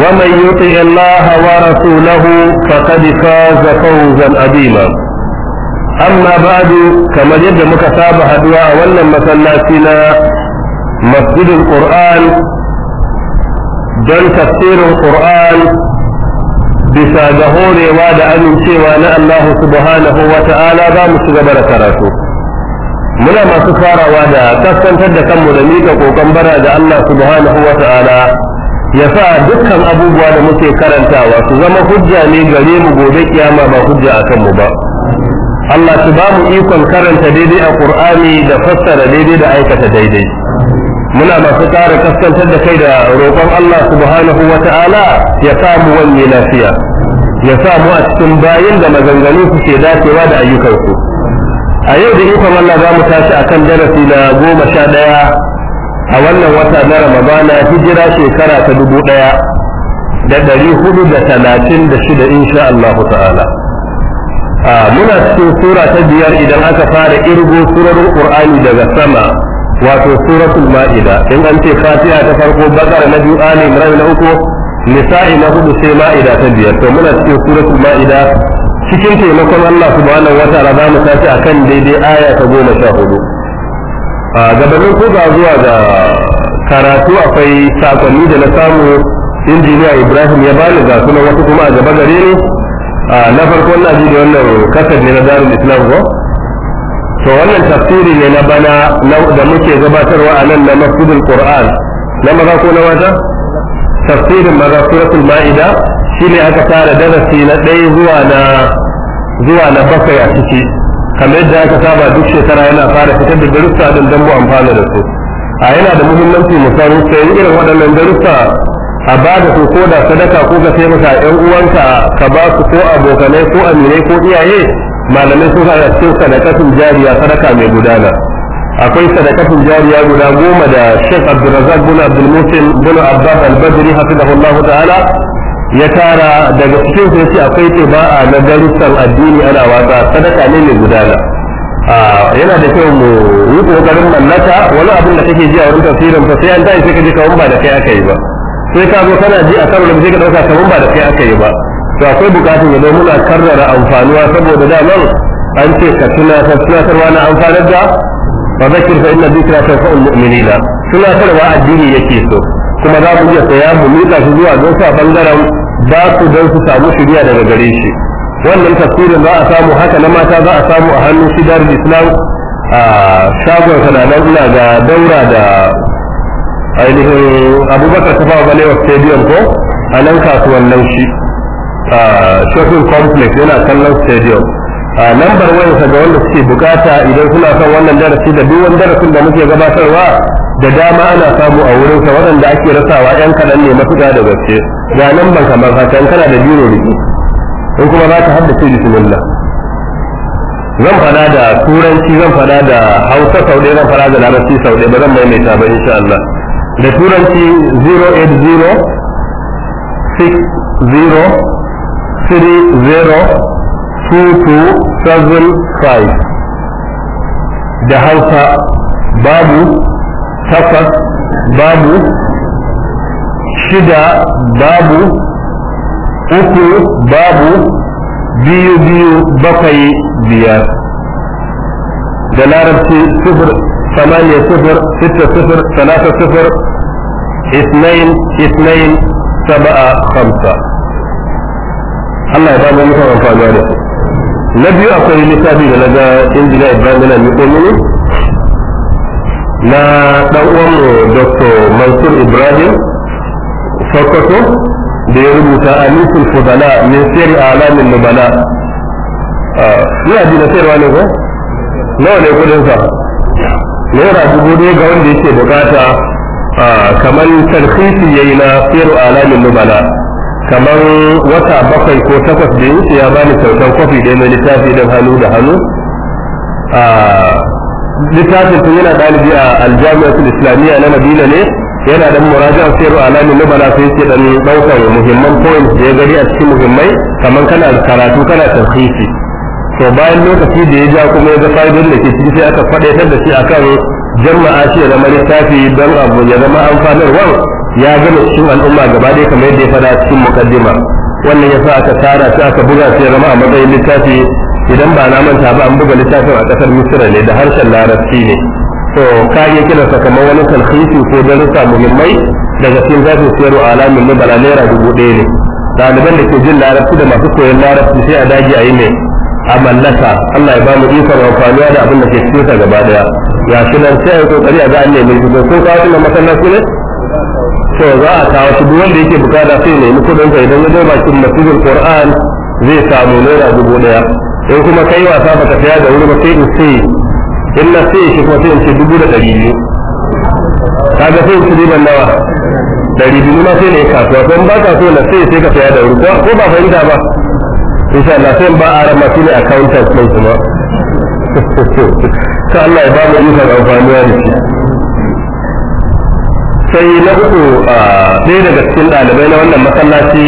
ومن يطع الله ورسوله فقد فاز فوزا عظيما أما بعد كما يبدأ مكتاب حدوى ولا مسلاتنا مسجد القرآن دون تفسير القرآن بسادهور وعد أمن شيوانا الله سبحانه وتعالى ذا مشغبر كراته muna masu farawa da kaskantar da kanmu da mika kokon bara da Allah subhanahu wa ta'ala ya sa dukkan abubuwa da muke karantawa su zama hujja ne gare mu gobe kiyama ba hujja a kanmu ba Allah su ba mu ikon karanta daidai a Qur'ani da fassara daidai da aikata daidai muna masu ƙara kaskantar da kai da roƙon Allah subhanahu wa ta'ala ya mu wani lafiya ya sa mu a cikin bayin da maganganu su ke dacewa da ayyukansu a yau da ikon Allah za mu tashi akan darasi na goma sha ɗaya a wannan wata na ramadana hijira shekara ta dubu ɗaya da ɗari hudu da talatin da shida insha Allah ta'ala muna cikin sura ta biyar idan aka fara irgo surarin qur'ani daga sama wato suratul ma'ida in an ce fatiha ta farko bakara na biyu ali imran na uku nisa'i na hudu sai ma'ida ta biyar to muna cikin suratul ma'ida cikin taimakon Allah subhanahu wa ta'ala za mu tashi kan daidai aya ta goma sha hudu gabanin ko ga zuwa ga karatu akwai sakonni da na samu injiniya ibrahim ya bani ga sunan wasu kuma a gaba gare ni na farko na ji da wannan kasar ne na darul islam ko to wannan tafsiri ne na bana da muke gabatarwa a nan na masjidul qur'an na maza ko na wata tafsirin maza suratul ma'ida shine aka fara darasi na ɗaya zuwa na zuwa na bakwai a ciki kamar yadda aka saba duk shekara yana fara fitar da darussa din dan amfana da su a yana da muhimmanci mu san sai irin waɗannan darussa a ba da su ko da sadaka ko ka sai maka ƴan uwanka ka ba su ko abokanai ko aminai ko iyaye malamai sun fara cikin sadakatun jariya sadaka mai gudana akwai sadakatun jariya guda goma da shek Abdulrazak bin Abdul bin Abbas albadri hafizahullahu ta'ala ya tara daga cikin su yace akwai a na darussan addini ana wasa sadaka ne mai gudana yana da kyau mu yi kokarin mallaka wani abin da kake ji a wurin tafsirin fa sai an tashi sai ka ji ba da kai aka yi ba sai ka zo kana ji a karo da ka dauka kaman ba da kai aka yi ba to akwai bukatun ya zai muna karrara amfanuwa saboda daman an ce ka tunatar tunatarwa na amfanar da fa zakir fa inna dhikra tanfa'ul mu'minina tunatarwa addini yake so kuma za mu iya saya mu mika shi zuwa don sa bangaren ba su don su samu shirya daga gare shi wannan tafsirin za a samu haka na mata za a samu a hannun shidar islam a shagon sananan ina ga daura da ainihin abubakar ta fawa balewa stadium ko a nan nan shi a shopping complex yana kallon stadium a lambar wayansa ga wanda suke bukata idan suna son wannan darasi da duk wani darasin da muke gabatarwa da dama ana samu a wurin wurinsa waɗanda ake rasawa yan kaɗan ne mafuta da gaske ga nan ban kamar haka kana da biro riki in kuma za ka haddace bismillah zan fada da turanci zan fada da hausa sau zan fada da larabci sau ba zan maimaita ba insha Allah da turanci 080 60 30 2275 da hausa babu takwas babu shida babu uku babu biyu biyu bakwai biyar da larabci sifir samaniya sifir sita sifir talata sifir اثنين اثنين سبعة خمسة الله يبارك لك وينفعنا بك na biyu akwai littafi da na ga injiniya ibrahim yana miƙo mini na dan uwanmu dr mansur ibrahim sokoto da ya rubuta anisul fudala min sirri alamin nubala ah, ina ji na sayarwa ne ko nawa ne kudinsa naira dubu ɗaya ga wanda yake bukata ah, kamar tarhisi ya yi na sirri alamin nubala kamar wata bakwai ko takwas da ya ya bani kyautar kwafi ɗaya mai littafi don hannu da hannu ah, littafin sun yana dalibi a aljami'atul islamiyya na madina ne yana da muraja sayar alamin nubala sai ce dan daukar muhimman point da ya gari a cikin muhimmai kamar kana karatu kana tafsiri to bayan lokaci da ya ja kuma ya ga fa'idar da ke ciki sai aka faɗaitar da shi akan jama'a shi ya zama littafi don abu ya zama amfanarwa ya gama cikin al'umma gaba ɗaya kamar yadda ya fada cikin mukaddima wannan yasa aka tara shi aka buga shi ya zama a matsayin littafi idan ba na manta ba an buga littafin a kasar misira ne da harshen larabci ne to ka iya kiransa kamar wani talhisi ko darussa muhimmai daga cikin zafin wa alamin bala naira dubu ɗaya ne ɗaliban da ke jin larabci da masu koyon larabci sai a dage a yi ne a mallaka Allah ya ba mu ikon amfaniya da abin da ke cikin sa gaba daya ya shi nan sai a yi kokari a ga an nemi sun kawo ka na masallaci ne to za a kawo su duk wanda yake bukata sai ne mu kudin sa idan ya zo bakin masjidil Qur'an zai samu naira dubu daya in kuma kai wasa ba ka saya da wuri ba sai in sai in na sai shi kuma sai in ce dubu da ɗari biyu kaga sai in ci riban nawa ɗari biyu ma sai na yi kasuwa ko in ka so na sai sai ka saya da wuri ko ba fahimta ba insha Allah sai in ba a rama shi ne accountant mai kuma ta Allah ya ba mu ikon amfaniwa da shi sai na uku ɗaya daga cikin ɗalibai na wannan masallaci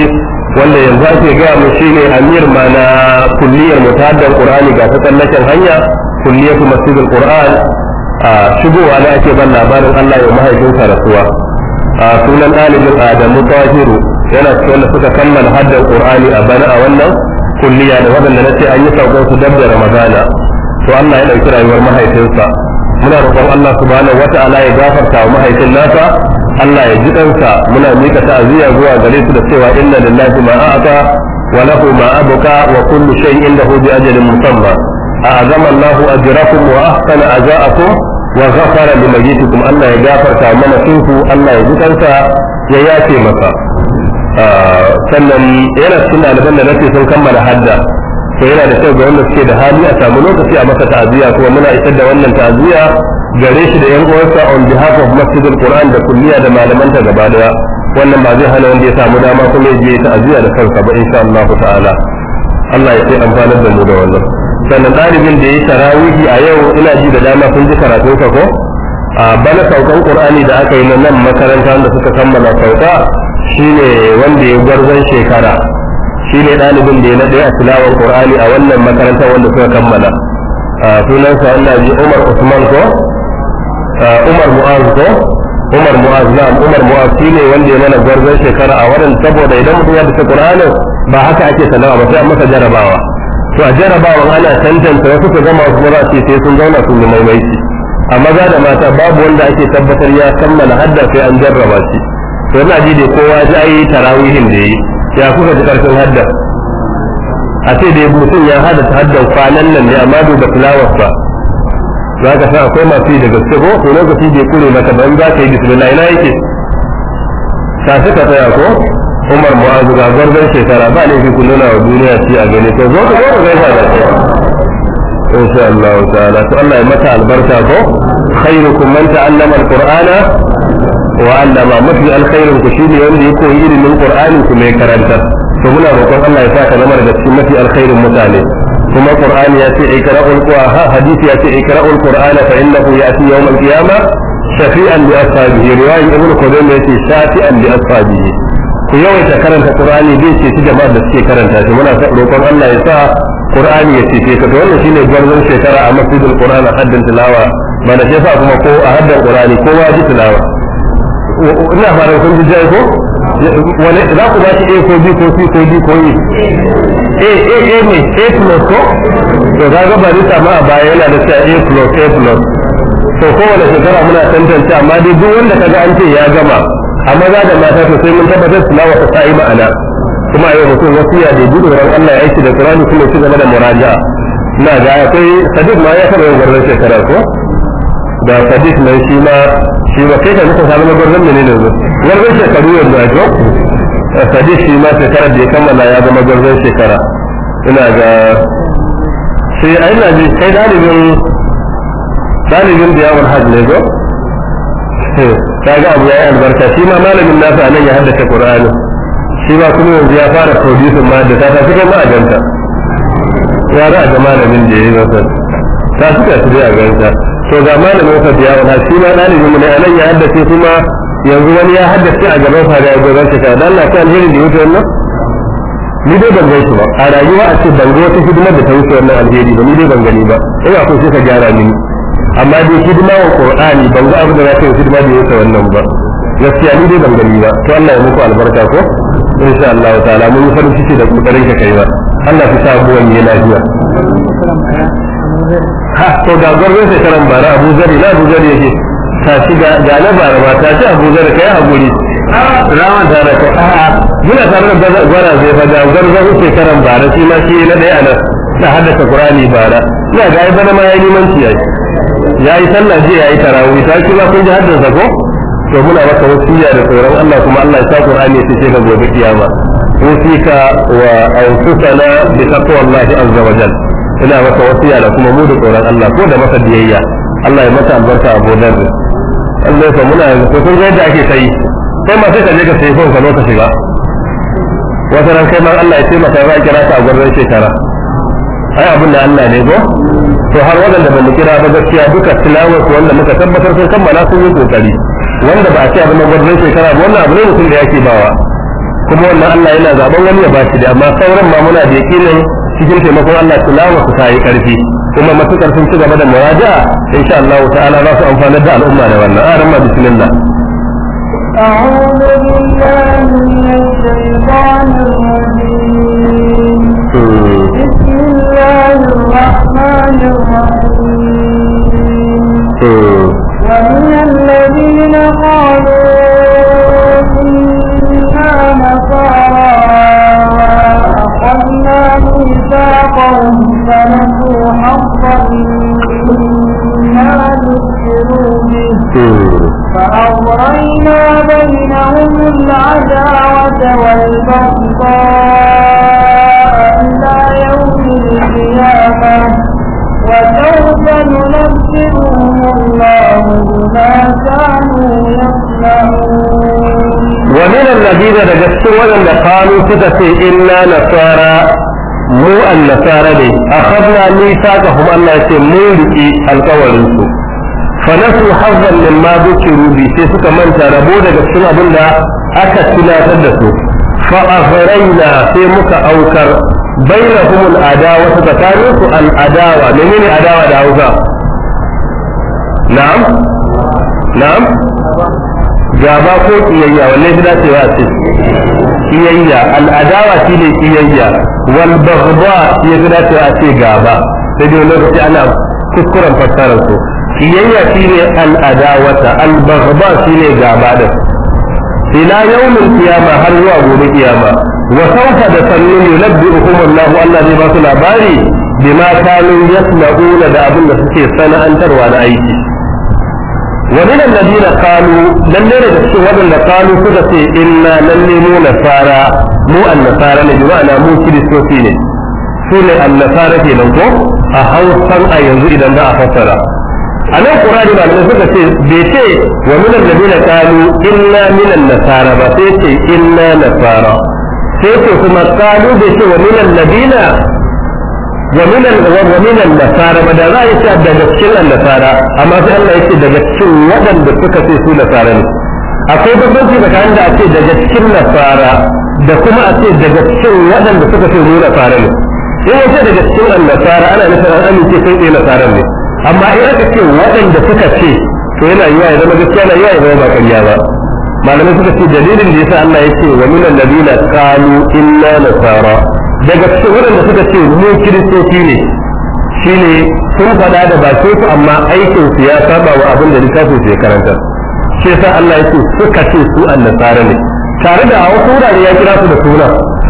wanda yanzu ake gaya mu shine amir kulliyar mu kulliyar haddan qur'ani ga ta tsallaken hanya kulliyatu masjidil qur'an a shigowa ne ake ban labarin Allah ya mahaifinsa rasuwa a sunan ɗalibin Adamu Tahiru yana cikin wanda suka kammala haddar Qur'ani a bana a wannan kulliya da waɗanda na ce an yi saukar su dab da Ramadana to Allah ya ɗauki rayuwar mahaifinsa muna roƙon Allah subhanahu wata'ala ya gafarta wa mahaifin nasa Allah ya ji ɗansa muna mika ta'aziyya zuwa gare su da cewa inna lillahi ma a'ata wa lahu ma abuka wa kullu shay'in indahu bi ajalin musamma a'azama Allahu ajrakum wa ahsana aja'akum wa ghafara limayyitikum Allah ya gafarta mana sunku Allah ya ji ɗansa ya yace masa sannan yana suna ɗaliban da nake sun kammala hadda to yana da kyau ga wanda suke da hali a samu lokaci a masa ta'aziyya kuma muna isar da wannan ta'aziyya gare shi da yan uwansa on behalf of masjidul quran da kulliya da malaman ta gaba daya wannan ba zai hana wanda ya samu dama kuma ya je ta aziya da kansa ba insha Allah ta'ala Allah ya kai amfanar da mu da wannan sannan ɗalibin da ya tarawihi a yau ina ji da dama sun ji karatun ka ko a bana saukan Qur'ani da aka yi na nan makaranta da suka kammala sauka shine wanda ya gwarzon shekara shine ɗalibin da ya na a tilawar Qur'ani a wannan makarantar wanda suka kammala sunansa Allah ji Umar Usman ko umar mu'az ko umar mu'az na umar mu'az shi ne wanda ya mana gwarzon shekara a wurin saboda idan mutum ya bisa qur'ani ba haka ake sallama ba sai an masa jarabawa to a jarabawan ana tantance wasu su zama su ba ce sai sun zauna sun yi maimaiti a maza da mata babu wanda ake tabbatar ya kammala hadda sai an jarraba shi to ina ji da kowa ji ai tarawihin da yi ya kuka ji karfin hadda a ce da mutum ya hada ta haddan kwanan nan ne amma duba tilawar ba za ka san akwai masu yi da gaske ko to lokaci bai kure maka ban za ka yi bismillah ina yake tashi ka tsaya ko umar mu'azu ga gwarzon shekara ba laifi ku nuna wa duniya ci a gani ko zo ka zo ka gaisa da shi insha Allah ta'ala to Allah ya mata albarka ko khairukum man ta'allama alqur'ana wa 'allama mafi alkhairin ku shine wanda ya koyi ilimin qur'ani ku mai karanta to muna roƙon Allah ya sa ka zama cikin mafi alkhairin mutane kuma qur'ani ya ce ikra'ul ha hadisi ya ce ikra'ul qur'ana fa innahu ya'ti yawm al-qiyamah shafi'an li ashabihi riwayan ibn qudam ya ce shafi'an li ashabihi ku yawaita karanta qur'ani zai ce shi jama'ar da suke karanta shi muna roƙon Allah ya sa qur'ani ya ce ka to wannan shine gwarzon shekara a masjidul qur'an haddan tilawa ba da shi kuma ko a haddan qur'ani kowa ji tilawa ina fara kun ji ko wane za ku ba a ko b ko c ko d ko e a a a ne a plus ko to za ga bari ma a baya yana da cewa a plus a plus to wane shekara muna tantance amma dai duk wanda kaga an ce ya gama amma za da mata to sai mun tabbatar su lawa ta sa'i ma'ana kuma yau mutum wasiya da gudu ran Allah ya aiki da Qur'ani kuma shi game da muraja na ga akwai sadiq ma ya taba yin wannan shekara ko da hadith mai shi ma shi ma kai ka muka samu na gwarzon mene ne gwarzon shekaru yanzu a jiyo hadith shi ma shekarar da ya kammala ya zama gwarzon shekara ina ga sai a ina ji kai dalibin dalibin da yawon hajj ne zo ga abu ya yi albarka shi ma malamin nasu a nan ya haddace qur'ani shi ma kuma yanzu ya fara producing ma da ta ta suka ma a ganta ya za a ga malamin da ya yi masa ta suka su a ganta to ga malamin sa ya wata shi ma dalibin mu ne nan ya haddace kuma yanzu wani ya haddace a gaban sa da ya gaban shi kada Allah ta alheri da yake wannan ni dai ban gaisu ba a rayuwa a ce ban ga wata hidimar da ta wuce wannan alheri ba ni dai ban gani ba ina so sai ka gyara mini amma dai hidima wa qur'ani ban ga abu da zaka yi hidima da yake wannan ba gaskiya ni dai ban gani ba to Allah ya muku albarka ko insha Allah ta'ala mun yi farin ciki da kokarin ka kai ba Allah ya sa abuwan wani lafiya ha to ga gwarzon shekaran bara abu zari na abu zari yake tashi ga na bara ba tashi abu zari kai haƙuri ta tare kai a'a muna tare da gwara zai fa ga gwarzon shekaran bara shi ma shi na ɗaya nan ta haddasa qur'ani bara ina ga ai bana ma yayi limanci yayi yayi sallah je yayi tarawih ta shi ma kun ji haddasa ko to muna maka wasiya da tsoron Allah kuma Allah ya sa Qur'ani ya ce ga gobe kiyama wasika wa anfusana bi taqwa Allah azza wa jalla ina maka wasiya da kuma mu da tsoron Allah ko da masa biyayya Allah ya mata albarka a bodar Allah ya muna yanzu ko kun ga yadda ake sai sai ma sai ka je ka sai fon ka lokaci shiga wata ran kai ma Allah ya taimaka ya kira ka a gurbin shekara ai abin da Allah ne go to har waɗanda ba mu kira ba gaskiya duka tilawar wanda muka tabbatar sun kammala sun yi kokari wanda ba a ce abin gurbin shekara ba wannan abu ne mutum da yake bawa kuma wannan Allah yana zaben wani ya bashi da amma sauran ma muna da ne. cikin taimakon Allah tilawa su ta yi karfi kuma masu sun ci gaba da in insha Allah ta'ala za su amfanar da al'umma da wannan aran ma bismillah أعوذ بالله من الشيطان الرجيم بسم الله الرحمن الرحيم ومن الذين قالوا فأغرينا بينهم العداوة والبغضاء إلى يوم القيامة وسوف ننبئهم الله بما كانوا يصنعون ومن الذين تجسوا أن قالوا ستة إلا نصارى مو النصارى ne akhadna mithaqahum Allah ya ce mun fanasu hazzan min ma dhukiru bi sai suka manta rabo daga cikin abin da aka tunatar da su fa aghrayna sai muka aukar bainahum al adawa tsakanin su al adawa menene adawa da hausa na'am na'am gaba ko kiyayya wanne shi dacewa a ce kiyayya al adawa ne kiyayya wal baghda shi dacewa a ce gaba sai dai lokaci ana kuskuren fassarar su kiyayya shine al'adawata al-baghda shine gaba da ila yawmin qiyama har zuwa gobe kiyama wa sawfa da sannu yunabbi'uhum Allah Allah zai ba su labari bima kanu yasna'una da abin da suke sana'antarwa na aiki wa min alladhina qalu nara da cikin wadanda qalu suka ce inna lan nuna nasara mu annasara ne bi ma'ana mu kiristoci ne su ne ke nan ko a hausan a yanzu idan za a fassara a nan qur'ani malamai suka ce bai ce wa min alladina qalu inna min nasara ba sai ce inna nasara sai ce kuma qalu bai ce wa min alladina wa min wa min nasara ba da za a ce daga cikin nasara amma sai Allah ya ce daga cikin waɗanda suka ce su nasara ne akwai bambanci kan da a ce daga cikin nasara da kuma a ce daga cikin waɗanda suka ce su nasara ne in ya ce daga cikin nasara ana nufin an amince kai nasara ne amma in aka ce waɗanda suka ce to yana yiwa ya zama gaskiya na yiwa ya zama ba ƙarya ba malamai suka ce dalilin da yasa Allah ya ce wa min alladhina qalu inna nasara daga cikin waɗanda suka ce mu kiristoci ne shine sun faɗa da bakin su amma aikin su ya saba wa abin da littafin su ya karanta sai yasa Allah ya ce suka ce su annasara ne tare da a wasu wurare ya kira su da suna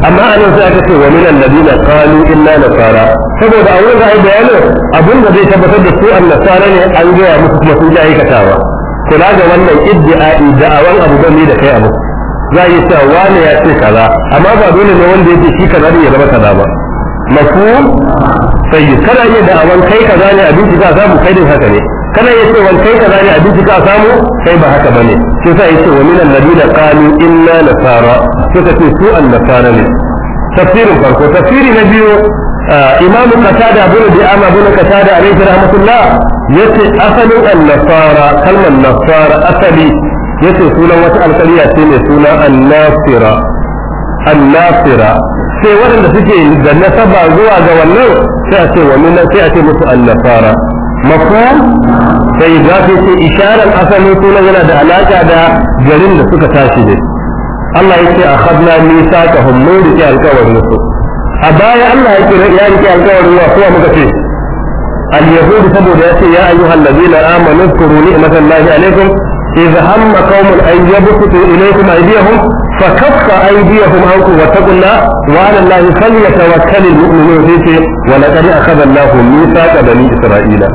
amma anan sai aka ce wa minan ladina qalu inna nasara saboda a wurin ai bayanin abin da zai tabbatar da su an nasara ne an gaya musu kuma sun ji aikatawa kula ga wannan iddi'a'i da'awan abu da da kai abu za a yi cewa wane ya ce kaza amma ba dole ne wanda ya ce shi kaza ne ya zama kaza ba mafu sai kana iya da'awan kai kaza ne abin da za mu kai din haka ne kana iya ce wani kai kaza ne a bincika a samu sai ba haka bane shi yasa yace wa minan ladina qalu inna nasara suka ce su an nasara ne tafsirin farko tafsiri na biyu imam qatada bin bi'ama bin qatada alayhi rahmatullah yace asalin an nasara kalmar nasara asali yace sunan wata alƙarya ce mai suna an-nasira an-nasira sai waɗanda suke da nasaba zuwa ga wannan sai a ce wa minan sai a ce musu an-nasara مفهوم sai za su ce isharar asali sunan yana da alaƙa da garin da suka tashi ne Allah ya ce a hadna nisa ka da ke alƙawarin su a baya Allah ya ce ya rike alƙawarin wa kuwa muka ce al-yahudu saboda ya ce ya ayu hallabi na amanu kuru ni imatan lahi alaikum idha hamma qaumun an yabtu ilaykum aydiyahum fa kaffa aydiyahum ankum wa taqulla wa ala allahi falyatawakkalul mu'minun fi wa laqad akhadha allahu mithaqa bani isra'ila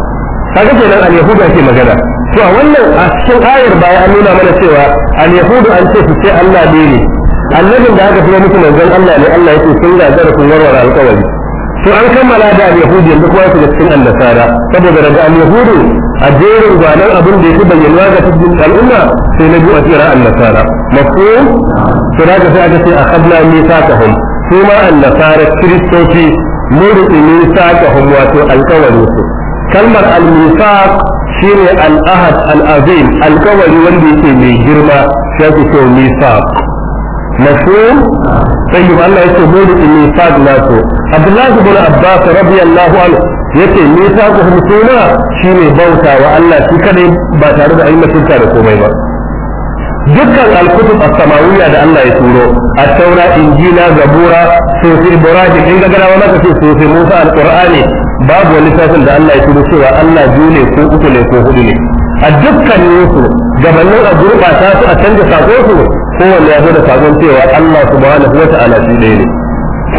kaga kenan al-yahudu ake magana to a wannan a cikin ayar baya an nuna mana cewa al-yahudu an ce su ce Allah ne ne annabin da aka tura musu manzon Allah ne Allah yake sun gagara sun warware alƙawari to an kammala da al-yahudu yanzu kuma su cikin annasara saboda daga al-yahudu a jerin gwanan abin da yake bayyana ga cikin al'umma sai na biyu a jira annasara mafhum to da sai aka ce akhadna mithaqahum kuma annasara kristoci murid mithaqahum wato alƙawarin su kalmar al-misaq shine al-ahad al-azim alkawari wanda yake mai girma shi ake cewa misaq mafhum tayyib Allah yake dole in misaq na so Abdullah ibn Abbas radiyallahu anhu yake misaquhum suna shine bauta wa Allah shi kadai ba tare da ayyuka shirka da komai ba dukkan alkutub as-samawiyya da Allah ya turo at-taura injila zabura sufi ibrahim in musa al babu wani littafin da Allah ya shiru cewa Allah biyu ne ko uku ne ko hudu ne a dukkan su gabanin a gurbata su a canza sako su kowanne ya zo da sakon cewa Allah subhanahu wa ta'ala shi ɗaya ne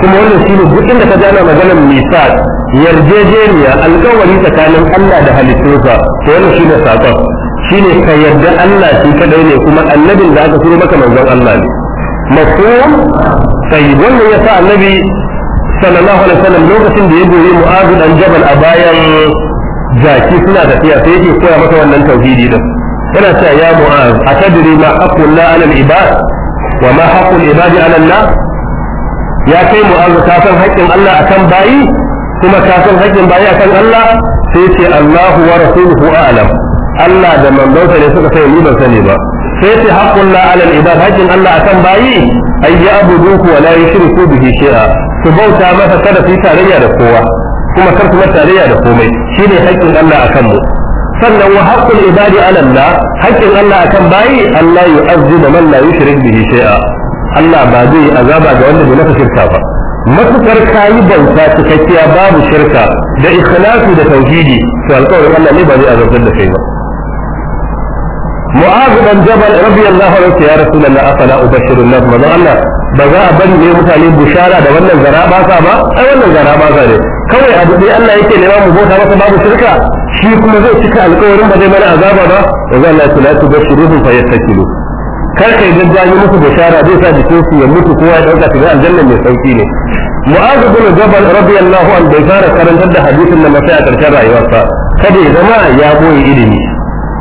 kuma wannan ne duk inda ka ana maganar misal yarjejeniya alƙawari tsakanin Allah da halittunsa to wannan ne sakon shine ka yarda Allah shi kadai ne kuma annabin da aka turo maka manzon Allah ne mafhum sai wannan yasa annabi sallallahu alaihi wasallam lokacin da ya goyi mu'azu dan jabal a bayan jaki suna tafiya sai yake koya masa wannan tauhidi din yana cewa ya mu'az atadri ma aqul la ala al-ibad wa ma haqqu al-ibadi ala Allah ya kai mu'az ka san haƙƙin Allah akan bayi kuma ka san haƙƙin bayi akan Allah sai ce Allahu wa rasuluhu a'lam Allah da manzonsa ne suka sai ni ban sani ba sai ce haqqul la ala al-ibad haƙƙin Allah akan bayi ay ya'buduhu wa la yushriku bihi shay'a su bauta masa kada su yi tarayya da kowa kuma kar su mata tarayya da komai shine haƙƙin Allah akan mu sannan wa haqqul ibadi ala Allah haƙƙin Allah akan bayi Allah da man la yushrik bihi shay'a Allah ba zai azaba ga wanda bai masa shirka ba matukar kayi bauta cikakkiya babu shirka da ikhlasu da tauhidi to alƙawarin Allah ne ba zai azabtar da kai ba معاذ بن jabal رضي الله عنه يا رسول الله افلا ابشر الناس ما ba za a bari ne mutane bushara da wannan zara ba sa ba ai wannan zara ba sa ne kawai abu dai Allah yake nema mu bauta masa babu shirka shi kuma zai cika alƙawarin ba zai mana azaba ba za Allah ya tilatu bashiruhum fayattakilu kar kai gaggawa musu bushara zai sa jikin su ya mutu kowa ya dauka cikin aljanna mai sauki ne mu'adh bin jabal radiyallahu anhu bai fara karantar da hadisin nan sai a karshen rayuwarsa kada ya zama ya boye ilimi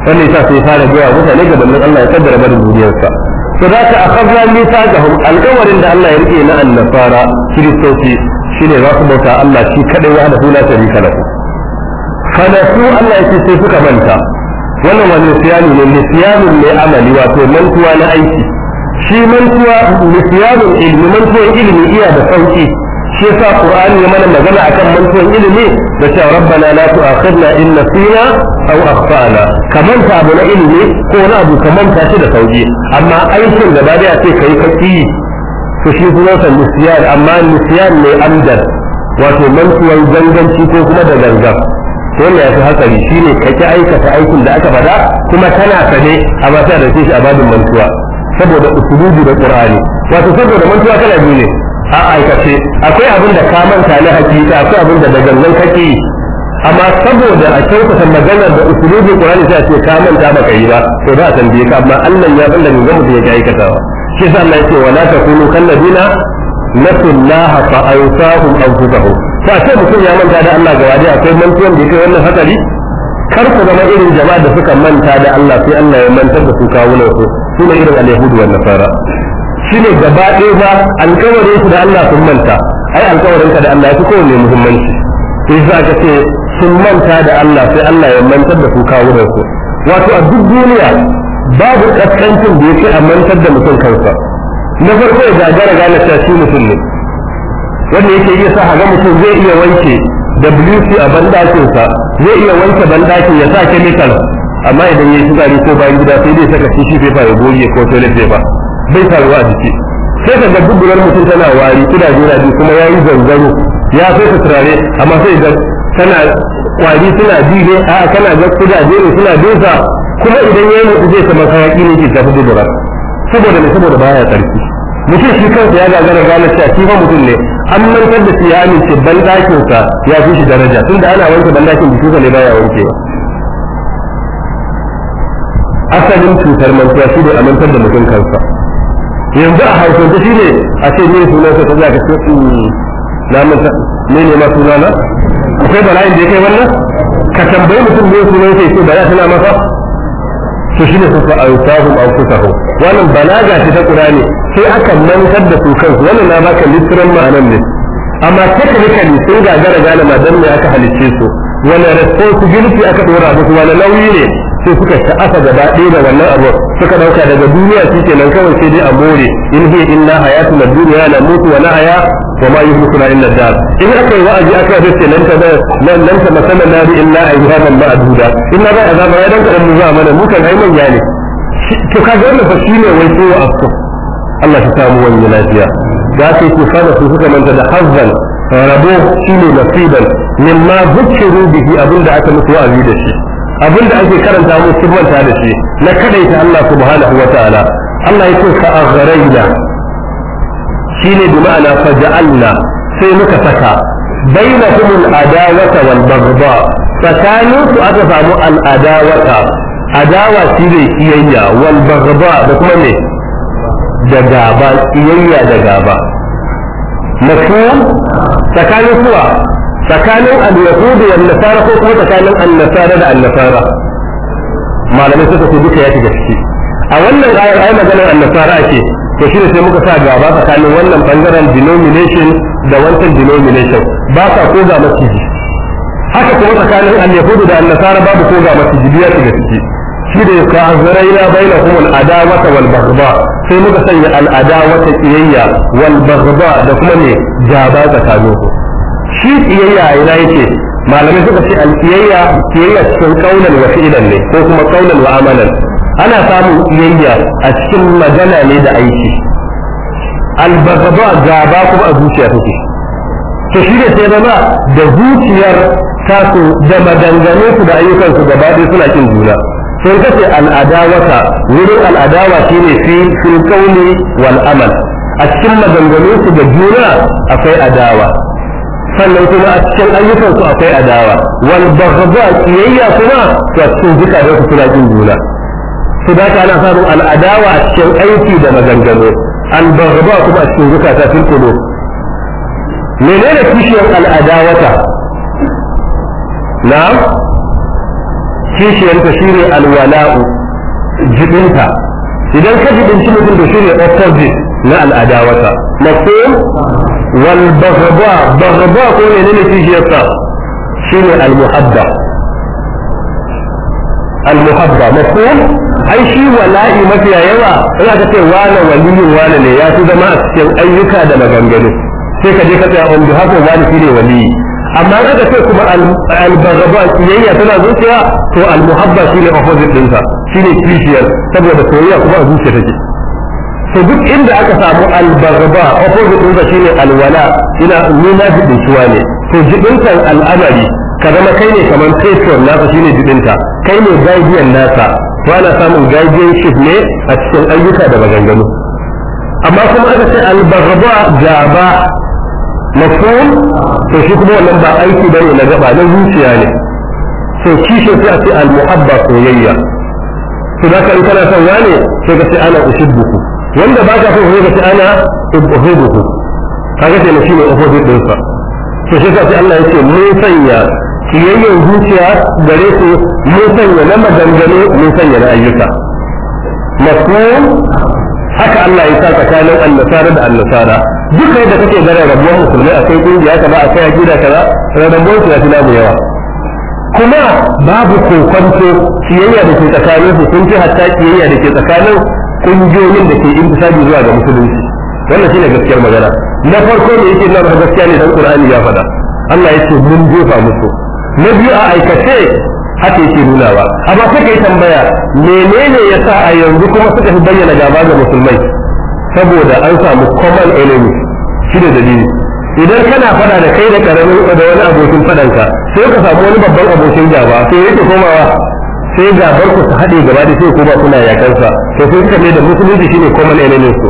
sannan sa sai fara jiya mutane ga bannin Allah ya kaddara barin duniyarsa sadaka akhadna mithaqahum alqawarin da Allah ya rike na annasara kiristoci shine za su bauta Allah shi kadai wa hadahu la sharika lahu falasu Allah yake sai suka manta wannan wani siyanu ne nisyanun ne amali wato mantuwa na aiki shi mantuwa nisyanun ilmi mantuwan ilimi iya da sauki shi yasa ya mana magana akan mantuwan ilimi da cewa rabbana la tu'akhidna in nasina aw akhtana kaman ta abu na ilimi ko wani abu kaman ta shi da sauki amma aikin gaba da ce kai kaki to shi kuma san nisyan amma nisyan ne amdan wato mantuwar ganganci ko kuma da gangan to ya fi hatsari shine kaki aikata aikin da aka faɗa, kuma kana sane ba sai da shi a babin mantuwa saboda usulubi da qur'ani wato saboda mantuwa kana biyu ne a aikace akwai abin da ka manta na hakika akwai abin da da gangan kake amma saboda a kyautata maganar da usulubin qur'ani sai a ce ka manta ba yi ba to za a tambaye ka amma Allah ya san da ya mutum yake aikatawa shi yasa Allah yake wala takunu kalladina nasullaha fa ansahum anfusahum ta ce mutum ya manta da Allah gaba dai akwai mantuwan da yake wannan hatsari kar ku zama irin jama'a da suka manta da Allah sai Allah ya mantar da su kawunan su sune irin al-yahudi wa nasara shine gaba ɗaya ba alkawarin su da Allah sun manta ai alkawarin ka da Allah yafi kowanne muhimmanci to yasa ka ce sun manta da Allah sai Allah ya mantar da su da su wato a duk duniya babu kaskancin da yake a mantar da mutum kansa na farko ya gagara ga cewa shi mutum ne wanda yake iya sa haga mutum zai iya wanke WC a bandakinsa zai iya wanke bandakin ya sa chemical amma idan ya yi shugari ko bayan gida sai dai saka tissue paper ya goge ko toilet paper bai faruwa a jiki sai ka ga dubbular mutum tana wari kudaje jira ji kuma yayi zanzaro ya ka turare amma sai ga tana kwari suna jire a kana ga kudaje ne suna dosa kuma idan yayi mutu zai kamar hayaki ne ke tafi dubura saboda ne saboda baya tsarki mutum shi kansa ya gagara gane cewa shi fa mutum ne an mantar da shi ya amince bandakinsa ya fi shi daraja tunda ana wanke bandakin jikinsa ne baya wankewa asalin cutar mantuwa shi ne a mantar da mutum kansa yanzu a hausance shi ne a ce ne suna ta zai ka ce hmm, na manta ne ne ma nana akwai bala'in da ya kai wannan ka tambayi mutum ne sunan sai ce ya suna masa to shine sun fa autahum aw kusahum wannan balaga ce ta ne sai aka mantar da su kansu wannan na baka literal ma'anan ne amma technically sun gagara gane ma dan me aka halicce su wannan responsibility aka dora musu wannan nauyi ne sai suka sha'afa gaba ɗaya da wannan abu suka ɗauka daga duniya su ke nan kawai sai dai a more in hiya illa hayatu na duniya na mutu wa na haya wa ma yi mutu na illa dar in aka yi wa'azi aka yi sai nan ta da nan nan ta masana na bi illa a yi hakan ba a duda in na ba a zama ya dan kaɗan mu za a mana mutan ai manya ne to ka ga wannan fa shi ne wai ko afko Allah ta samu wani lafiya da aka yi kusa da su suka manta da hazzan rabo shi ne nasiban mimma zukkiru bihi abinda aka musu wa'azi da shi da ake karanta mu sirranta da shi na kadaita Allah subhanahu wa ta'ala Allah ya ce fa Shi shine bi ma'ana fa ja'alna sai muka saka bainahum al-adawata wal baghdha tsakanin su aka samu al-adawata adawa shi ne kiyayya wal baghdha da kuma ne da gaba kiyayya da gaba mafhum tsakanin suwa tsakanin al-yahudu wa nasara ko kuma tsakanin al-nasara da al-nasara malamai suka ce duka ya shiga ciki a wannan ayar ai maganar al-nasara ake to shi sai muka sa gaba tsakanin wannan bangaren denomination da wancan denomination ba sa ko ga masjidi haka kuma tsakanin al-yahudu da al-nasara babu ko ga masjidi ya shiga ciki shi da ka zaraina bainahum al-adawata wal baghdha sai muka sanya al-adawata qiyayya wal baghdha da kuma ne gaba tsakanin su shi kiyayya a ina yake malamai suka ce alkiyayya kiyayya cikin kaunan wa fi'lan ne ko kuma kaunan wa amalan ana samun kiyayya a cikin magana ne da aiki albagaba gaba kuma a zuciya take to shi ne sai zama da zuciyar tasu da madanganunsu da ayyukansu gaba ɗaya suna kin juna sun kace al'adawata wurin al'adawa shine fi sun kauni wal amal a cikin maganganunsu da juna akwai adawa sannan kuma a cikin ayyukansu akwai adawa wal baghdha kiyayya kuma to cikin zukatan su suna kin juna su da ana samun al adawa a cikin aiki da maganganu al baghdha kuma a cikin zukata fil qulub menene kishiyar al adawata na Kishiyar ta shine al wala'u jibinta idan ka jibinci mutum da shine opposite na al'adawata mafhum wal baghda baghda ko ne ne shi kishiyarsa shine al muhabba al muhabba mafhum ai shi wala'i mafi yawa ina ka ce wala wali wala ne ya su zama a cikin ayyuka da maganganu sai ka je ka tsaya on behalf of wani shine wali amma in aka ce kuma al albarraba kiyayya tana zuciya to al almuhabba shine opposite din dinta shine kishiyar saboda soyayya kuma a zuciya take to duk inda aka samu albarba opposite shi ne alwala ina nuna na suwa ne to jibintan al'amari ka zama kai ne kamar patron nasa ne jibinta kai ne gajiyan nasa to ana samun shi ne a cikin ayyuka da maganganu amma kuma aka ce albarba gaba mafhum to shi kuma wannan ba aiki bane na gaba na zuciya ne to kishin sai a ce al-muhabba soyayya to ka yi kana son wane sai ka ce ana ushibbuku wanda ba ka so ka ce ana ubuhubuhu kaga ce na shine uhubud din sa to shi sai Allah ya ce mun sanya kiyayyen zuciya gare su mun sanya na maganganu mun sanya na ayyuka mafhum haka Allah ya sa tsakanin annasara da annasara duk da kake gare rabuwa musulmai akwai kungiya kaza akwai akida kaza rabuwar su ya fi namu yawa kuma babu kokonto kiyayya da ke tsakanin su sun ji hatta kiyayya da ke tsakanin kungiyoyin da ke intisabi zuwa ga musulunci wannan shine gaskiyar magana na farko da yake nuna gaskiya ne dan qur'ani ya faɗa Allah ya ce mun jefa musu na biyu a aikace haka yake ba amma sai kai tambaya menene yasa a yanzu kuma suka fi bayyana gaba ga musulmai saboda an samu common enemy shine dalili idan kana fada da kai da karamin da wani abokin fadanka sai ka samu wani babban abokin gaba sai yake komawa sai ga barku ta haɗe gaba da sai ko ba kuna yakansa to sai suka da musulunci shine common enemy su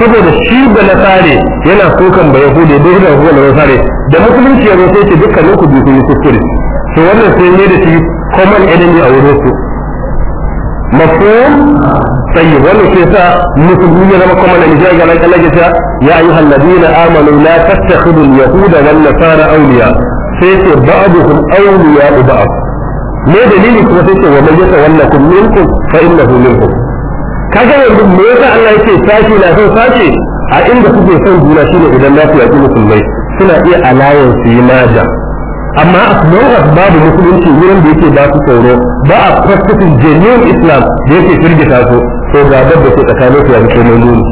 saboda shi da na tsare yana sokan ba yahudi duk da kuma na tsare da musulunci ya sai ce dukkan ku biyu yi kuskure to wannan sai ne da shi common enemy a wurin su mafhum sai wannan sai sa musulmi ya zama common jiya ga nan Allah ya ce ya ayyuhal ladina amanu la tattakhidul yahuda wan nasara awliya sai ce ba'duhum awliya ba'd me dalili kuma sai ce wa wannan kun minkum fa innahu minkum kaga yanzu me yasa Allah yake sashi na son sashi a inda kuke son juna shine idan za ku musulmai suna iya alayan su yi maja amma a babu musulunci wurin da yake ba su tsoro ba a practicing genuine islam da yake firgita su ko ga dabba ke tsakanin su ya fito mai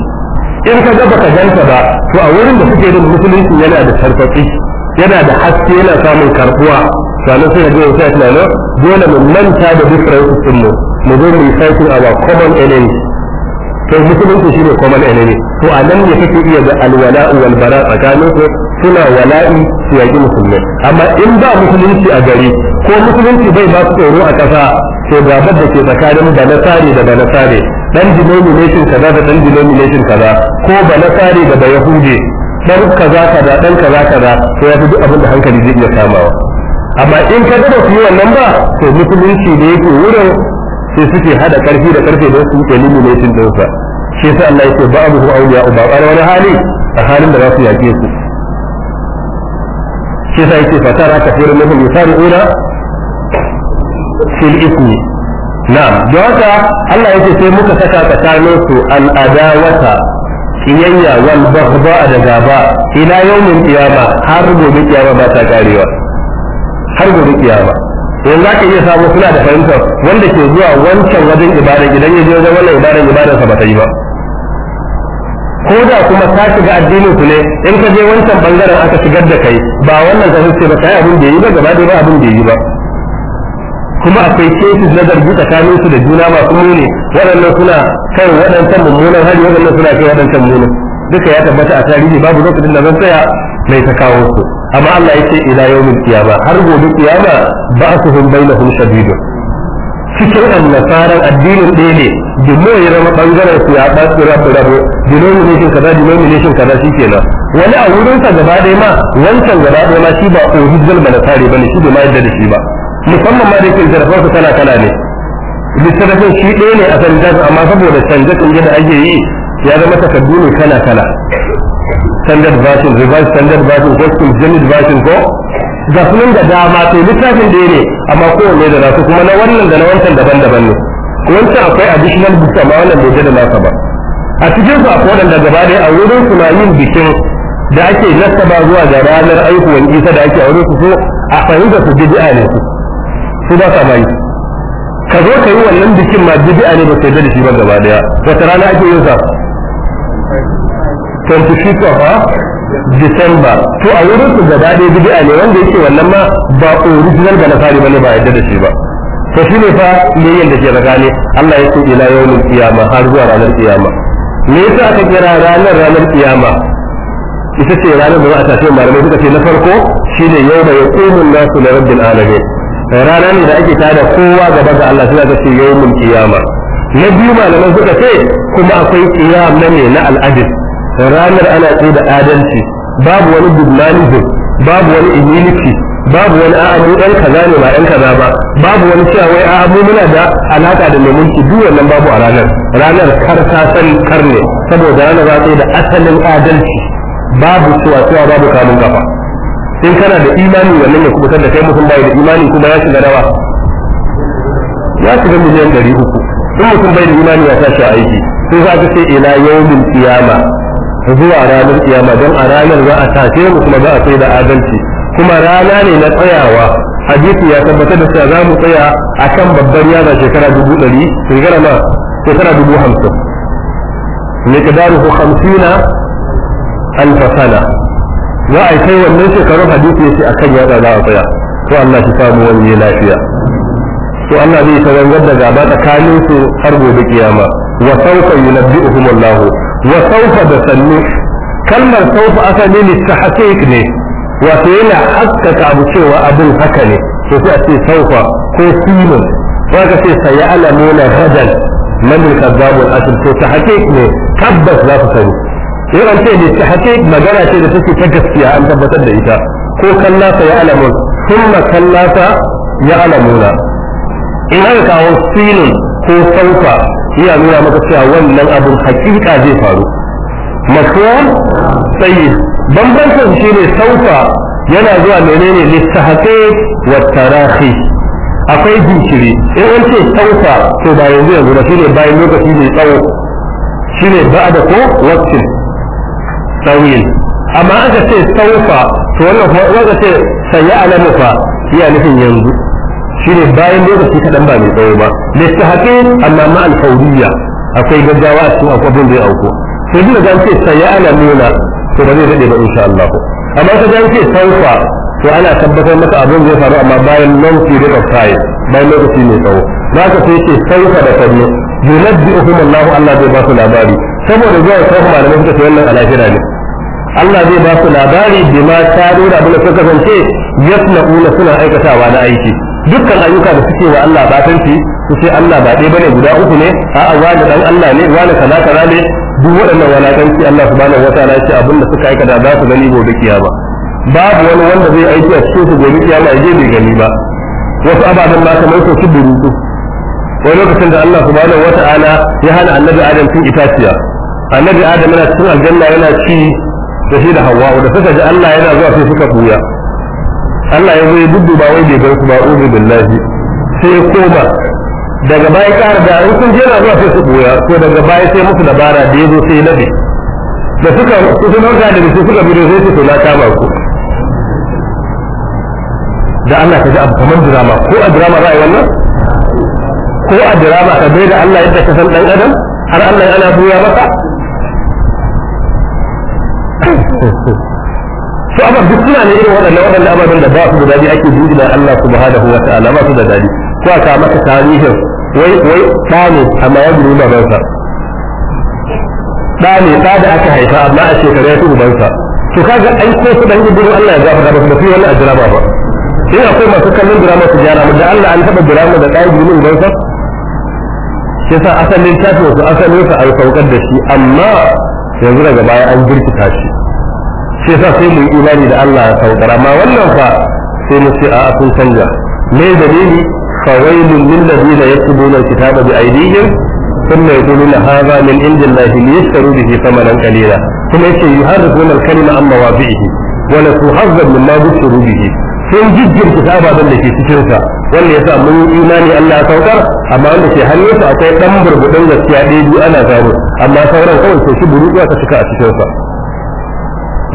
in ka gaba ka ganta ba to a wurin da suke da musulunci yana da tarfafi yana da haske yana samun karbuwa sannan sai da sai tunanin dole mu manta da differences din mu mu zo mu fighting our common enemy to musulunci shi ne common enemy to a nan ne kake iya ga alwala wal bara tsakanin su suna wala'i su yaki musulmai amma in ba musulunci a gari ko musulunci bai ba su tsoro a ƙasa to gabar da ke tsakanin da na sare da ba na sare dan denomination kaza da dan denomination kaza ko ba na sare da ba yahudi dan kaza kaza dan kaza kaza to ya fi duk abin da hankali zai iya kamawa amma in ka gaba su yi wannan ba to musulunci da yake wurin sai suke hada karfi da karfe don su elimination cin sa shi sa Allah yake ba abu auliya ba ba wani hali a halin da za su yake su shi sa yake fatara kafirun minhum yusari'una fil ismi na'am don haka Allah yake sai muka saka tsakanin su al'adawata kiyayya wal baghdha da gaba ila yawmin qiyama har gobe qiyama ba ta karewa har gobe kiyama yanzu za ka iya samu suna da fahimtar wanda ke zuwa wancan wajen ibada idan ya je wajen wannan ibadan ibadarsa ba ta yi ba ko da kuma ka shiga addinin ku ne in ka je wancan bangaren aka shigar da kai ba wannan ka ce ba kai abin da yi ba gaba da ba abin da yi ba kuma akwai cases na zargi tsakanin su da juna masu muni waɗannan suna kai waɗancan mummunan hali waɗannan suna kai waɗancan mummunan duka ya tabbata a tarihi babu lokacin da zan tsaya mai ta kawo su amma Allah ya ce ila yawmin qiyama har gobe qiyama ba'suhum bainahum shadidun cikin annasaran addinin ɗaya ne dimo ya zama bangaren su ya ɓaci rabu rabu denomination kaza denomination kaza shi kenan wani a wurinsa gaba ɗaya ma wancan gaba ɗaya ma shi ba original ba na tare ba ne shi bai ma yadda da shi ba musamman ma da yake su kala kala ne littattafin shi ɗaya ne a sanin amma saboda canje canje da ake yi ya zama takardu ne kala kala standard version revised standard version ko standard version ko ga sunan da dama to littafin da ne amma kowanne da nasu kuma na wannan da na wancan daban-daban ne wancan akwai additional books amma wannan bai da nasa ba a cikin su akwai wadanda gaba ɗaya a wurin su na yin bikin da ake nasaba zuwa ga ranar aihuwan isa da ake aure su so a fahimta su bid'a ne su su ba sa mai ka zo ka yi wannan bikin ma bid'a ne ba sai da shi ba gaba daya wata rana ake yin sa 25th of uh, December to a wurin su gaba ɗaya bid'a ne wanda yake wannan ma ba original ga nasari bane ba yadda da shi ba to shi ne fa yayin da ke ne Allah ya ce ila yawmin qiyama har zuwa ranar qiyama me yasa aka kira ranar ranar qiyama ita ce ranar da za a tashi malamai suka ce na farko shine yawma yaqumu an-nasu li rabbil alamin rana ne da ake tada kowa gaba ga Allah sai aka ce yawmin qiyama na biyu malaman suka ce kuma akwai tsira na ne na al'adil ranar ana ce da adalci babu wani dubmalism babu wani immunity babu wani a'a mu dan kaza ne ba dan kaza ba babu wani cewa wai a'a mu muna da alaka da mai mulki duk wannan babu a ranar ranar kar ta san kar ne saboda ranar ta yi da asalin adalci babu cewa cewa babu kamun kafa in kana da imani wannan ya kubutar da kai mutum bai da imani kuma ya shiga rawa ya shiga miliyan ɗari uku in mutum bai da imani ya tashi a aiki sai za ka ce ila yawmin kiyama zuwa ranar kiyama don a ranar za a tashe mu kuma za a sai da adalci kuma rana ne na tsayawa hadisi ya tabbatar da cewa za mu tsaya akan babbar yana shekara dubu ɗari shekara ma shekara dubu hamsin miqdaruhu hamsina alfa sana za a kai wannan shekarun hadisi ya ce akan yaza za a tsaya to Allah shi samu wani lafiya to Allah zai ta zangar da gaba tsakanin su har gobe kiyama wa sawfa yunabbi'uhum Allah wa sawfa da sannu kalmar sawfa asali ne ta hakik ne wato yana haskaka abu cewa abin haka ne to sai a ce sawfa ko sinun ba ka ce saya alamuna hadal man al-kadhabul to ta hakik ne tabbas za su sani sai an ce ta hakik magana ce da take ta gaskiya an tabbatar da ita ko kallasa ya alamun thumma kallasa ya alamuna in aka kawo silin ko sauka ya nuna maka cewa wannan abin hakika zai faru makuwan tsayi bambancin shi ne sauka yana zuwa menene littahaƙe wa tarahi akwai jinkiri in an ce sauka to ba yanzu yanzu ba shine bayan lokaci mai tsawo shine ba da ko waktin tsawil amma aka ce sauka to wannan aka ce ya alamu fa ya nufin yanzu shine bayan lokaci kaɗan ba mai tsawo ba littahaƙin amma ma alfauriya akwai gaggawa a cikin akwabin da ya auku sai duka ga ce sai ya ana nuna to ba zai daɗe ba insha Allah amma ka ga ce sauka to ana tabbatar maka abin zai faru amma bayan long period of time bayan lokaci mai tsawo za ka sai ce sauka da kallo yunabbi uhum Allah Allah zai ba su labari saboda zai saufa malamai suka ce wannan alahira ne Allah zai ba su labari bima ta dora abin da kasance yasna'una suna aikatawa na aiki dukkan ayyuka da suke wa Allah batanci su ce Allah ba ɗaya bane guda uku ne a wani dan Allah ne wani kaza ne duk waɗannan walakanci Allah subhanahu wataala ya ce da suka aikata za su gani gobe kiyama babu wani wanda zai aiki a cikin su gobe kiyama ya je bai gani ba wasu ababen ma kamar su su wani lokacin da Allah subhanahu wata'ala ya hana annabi adam cin itaciya annabi adam yana cikin aljanna yana ci da shi da hawa da suka ji Allah yana zuwa sai suka buya Allah ya zai ya ba wai bai gan su ba uzu billahi sai ya koma daga baya kara da in sun jera zuwa sai su ɓoya ko daga baya sai musu dabara da ya zo sai labe da suka kusa nauka da su suka bude sai su tola kama ku da Allah ka ji abu kamar drama ko a drama za a yi wannan ko a drama ka bai da Allah yadda ka san ɗan adam har Allah ya ana buya masa to amma duk suna ne irin waɗannan waɗannan ababen da ba su da dadi ake dubi da Allah subhanahu wa ta'ala ba su da dadi ko aka maka tarihin wai wai ɗa ne amma ya gudu sa. da ne ɗa da aka haifa amma a shekara ya fi sa to kaga ai ko su dan gudu Allah ya gafa da ba su yi wannan ajira ba ba in akwai masu kallon drama su gyara mu da Allah an taɓa drama da ɗaya gudu sa shi yasa asalin tafi wasu asalin sa an saukar da shi amma yanzu daga baya an girkita shi shi yasa sai mu yi imani da Allah ya saukar amma wannan fa sai mu ce a sun canja me dalili fawailun lil ladina yaktubuna alkitaba bi aydihim thumma yaquluna hadha min indillahi liyashtaru bihi thamanan qalila kuma yace yuharrifuna alkalima amma wabihi wa la tuhazzab mimma yushiru bihi sun jijjirta ta da ke cikin sa wanda yasa mun yi imani Allah ya saukar amma wanda ke hannunsa akwai dan burbuɗin gaskiya ɗaya biyu ana gano amma sauran kawai sai shi ta cika a cikin sa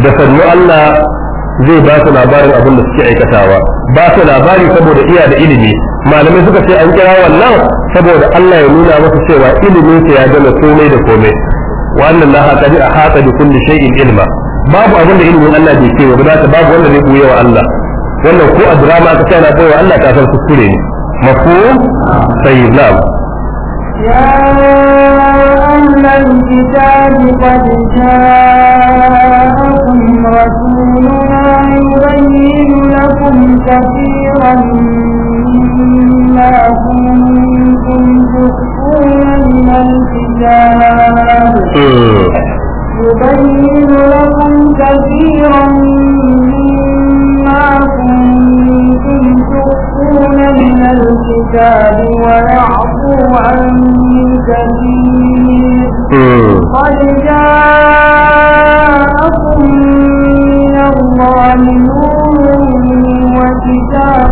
da sannu Allah zai ba su labarin abin da suke aikatawa ba su labari saboda iya da ilimi malamai suka ce an kira wannan saboda Allah ya nuna masa cewa ilimin ta ya gama komai da komai wannan na haqadi a haka da kulli shay'in ilma babu abin da ilimin Allah bai ce ba ta babu wanda zai buye wa Allah wannan ko a drama ka kana kai wa Allah ka san kuskure ne mafhum sayyid na'am يا أهل الكتاب قد جاءكم رسولنا يبين لكم كثيرا مما كنتم تخفون من الكتاب يبين لكم كثيرا مما كنتم تخفون من الكتاب ويعفو عن كثير قد جاءكم الله نور وكتاب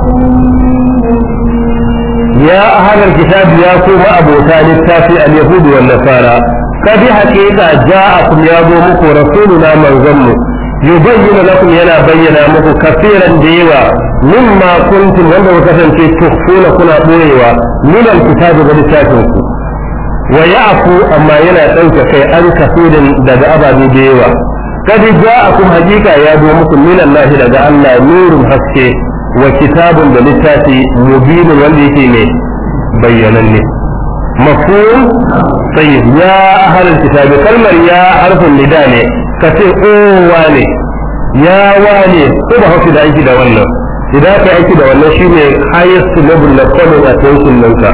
يا أهل الكتاب يا كوما أبو ثالث كافي اليهود والنصارى كفي حقيقة جاءكم يا بومك رسولنا من ظنه يبين لكم ينا بينا مكو كثيرا ديوا مما كنتم وانتم كثيرا تخفون كنا بويوا من الكتاب ولتاتكم ويعفو أما ينا تنك في أن كثير دد أبا ديوا قد جاءكم حقيقة يا دو من الله لدى الله نور حسكي وكتاب للتاتي مبين والذي ne bayyananne mafhum ya ahlul kitabi kalmar ya harfin nida ne kace o wane ya wane ko ba hausa da aiki da wannan idan ka aiki da wannan shine highest level na calling attention ninka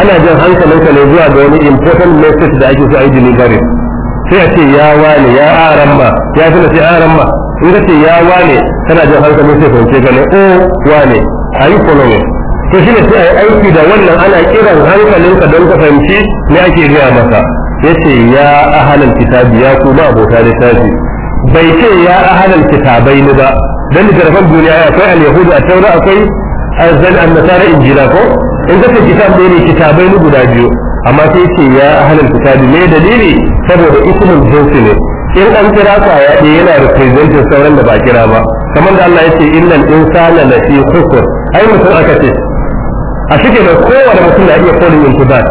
ana jan hankalinka ne zuwa ga wani important message da ake so a yi delivery sai a ce ya wane ya aramma ya tuna sai aramma in ka ce ya wane kana jin hankalin sai fahimce ka ne o wane a yi ne to shi ne sai a yi aiki da wannan ana kiran hankalinka don ka fahimci me ake gaya maka ya ce ya ahalan kitabi ya kuma abota littafi bai ce ya ahalan kitabai ni ba dan littattafan duniya akwai al-yahudu a taura akwai azal an-nasara injila ko in ka ce kitab ne kitabai ni guda biyu amma sai ce ya ahalan kitabi me dalili saboda ismin jinsi ne in an kira ya ɗaya yana representing sauran da ba kira ba kamar da Allah ya ce in in nan innal insana lafi khusr ai mutum aka ce a shike da kowane mutum na iya kolin intibat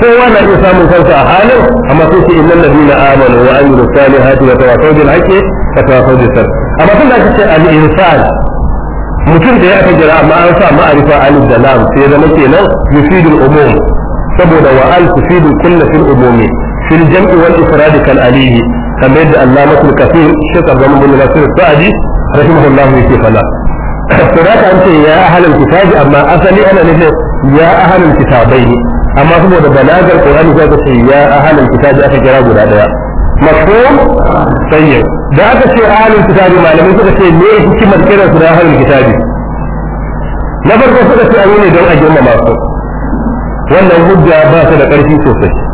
kowa na iya samun kansa a halin amma sai ce innal ladina amanu wa amilu salihati wa tawasaw bil haqqi wa tawasaw bis sabr amma tun da aka ce al insan mutum da ya aka jira amma an sa ma'arifa alif da lam sai zama kenan yufidul umum saboda wa al tufidul kullu fil umumi fil jam'i wal ifrad kal alihi kamar yadda allamatul kafir shaykh abdul bin nasir sa'di rahimahullahu yake fala an ce ya ahlul kitabi amma asali ana nufin ya ahlul kitabai ne amma saboda balagar qur'ani za ka ce ya ahlul kitabi aka kira guda daya mafhum tayyib da aka ce ahlul kitabi malamai suka ce me hikimar kiransu da ahlul kitabi na farko suka ce an yi don a girmama su wannan hujja ba da ƙarfi sosai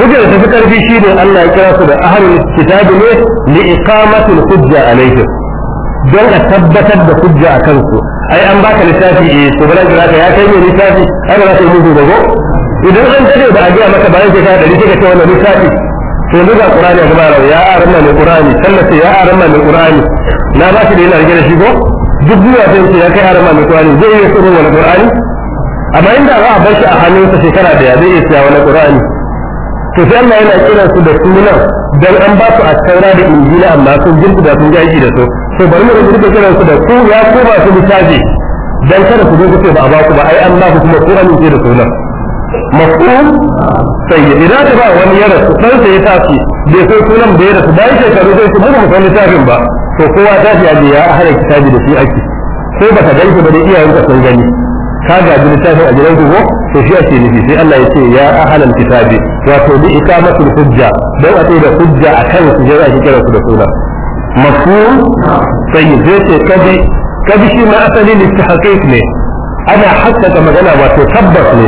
hujjar da tafi karfi shi ne Allah ya kira su da ahlul kitabi ne li iqamatil hujja alaihim don a tabbatar da hujja a kansu ai an baka littafi eh to bala kira ka ya kai ne lissafi ai ba ka yi mutu dago idan an tare da a ga maka bayan sai ka da sai ka ce wannan littafi to ni ga qur'ani ga bara ya arma ne qur'ani sallata ya arma ne qur'ani na ba shi da yana rike da shi ko duk duniya sai ya kai arma ne qur'ani zai yi tsoro wani qur'ani amma inda za a bar shi a hannunsa shekara daya zai iya tsaya wani qur'ani to sai Allah yana kira su da sunan dan an ba su attaura da injila amma sun jirku da sun gaji da su to bari mu rubuta kiran su da ku ya ku ba su littafi dan kada ku zo ku ba a ba ku ba ai an ba ku kuma ku amince da sunan mafhum sai idan da ba wani ya rasu sai sai tafi bai sai sunan ya rasu bai shekaru sai su buga musan littafin ba to kowa tafi ya a ya ahara kitabi da su ake sai ba baka ganki ba da iyayenka sun gani ka gaji littafin a gidan ku to shi ake nufi sai Allah ya ce ya ahlal kitabi wato bi ikamatul hujja dan a da hujja akan su jira ake kira su da suna mafhum sai zai ce kabi kabi shi ma asali listihaqqiq ne ana hakkaka magana wato tabbas ne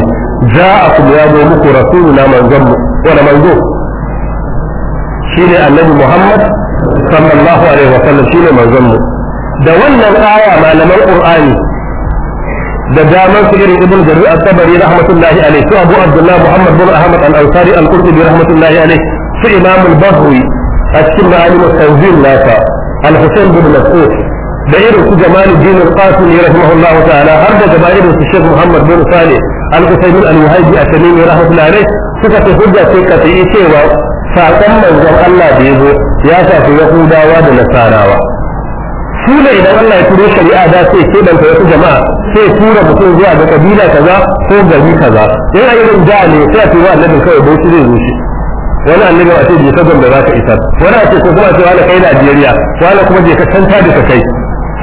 ja'akum ya zo muku rasuluna manzon wala manzo shine annabi Muhammad sallallahu alaihi wasallam shine manzon mu da wannan aya malaman qur'ani da daman su irin ibn jarir at-tabari rahmatullahi alayhi su abu abdullah muhammad bin ahmad al-ansari al-qurtubi rahmatullahi alayhi su imam al-bahri a cikin ma'alim at-tanzil nasa al-husayn bin mas'ud da irin su jamal din al-qasimi rahimahullah ta'ala har da gabanin su shaykh muhammad bin salih al-usaymin al-muhajji at-tamimi rahmatullahi alayhi suka fi hujja sai ka yi cewa saƙon manzon Allah da ya zo ya shafi Yahudawa da Nasarawa. Su ne idan Allah ya turo shari'a da sai ke danta wasu jama'a sai tura mutum zuwa ga kabila kaza ko gari kaza in a irin da ne sai a ce wa annabi kawai bauchi zai rushe wani annabi a ce je ka gwamna za ka isa wani a ce ko kuma ce wani kai Najeriya wani kuma je ka canta da ka kai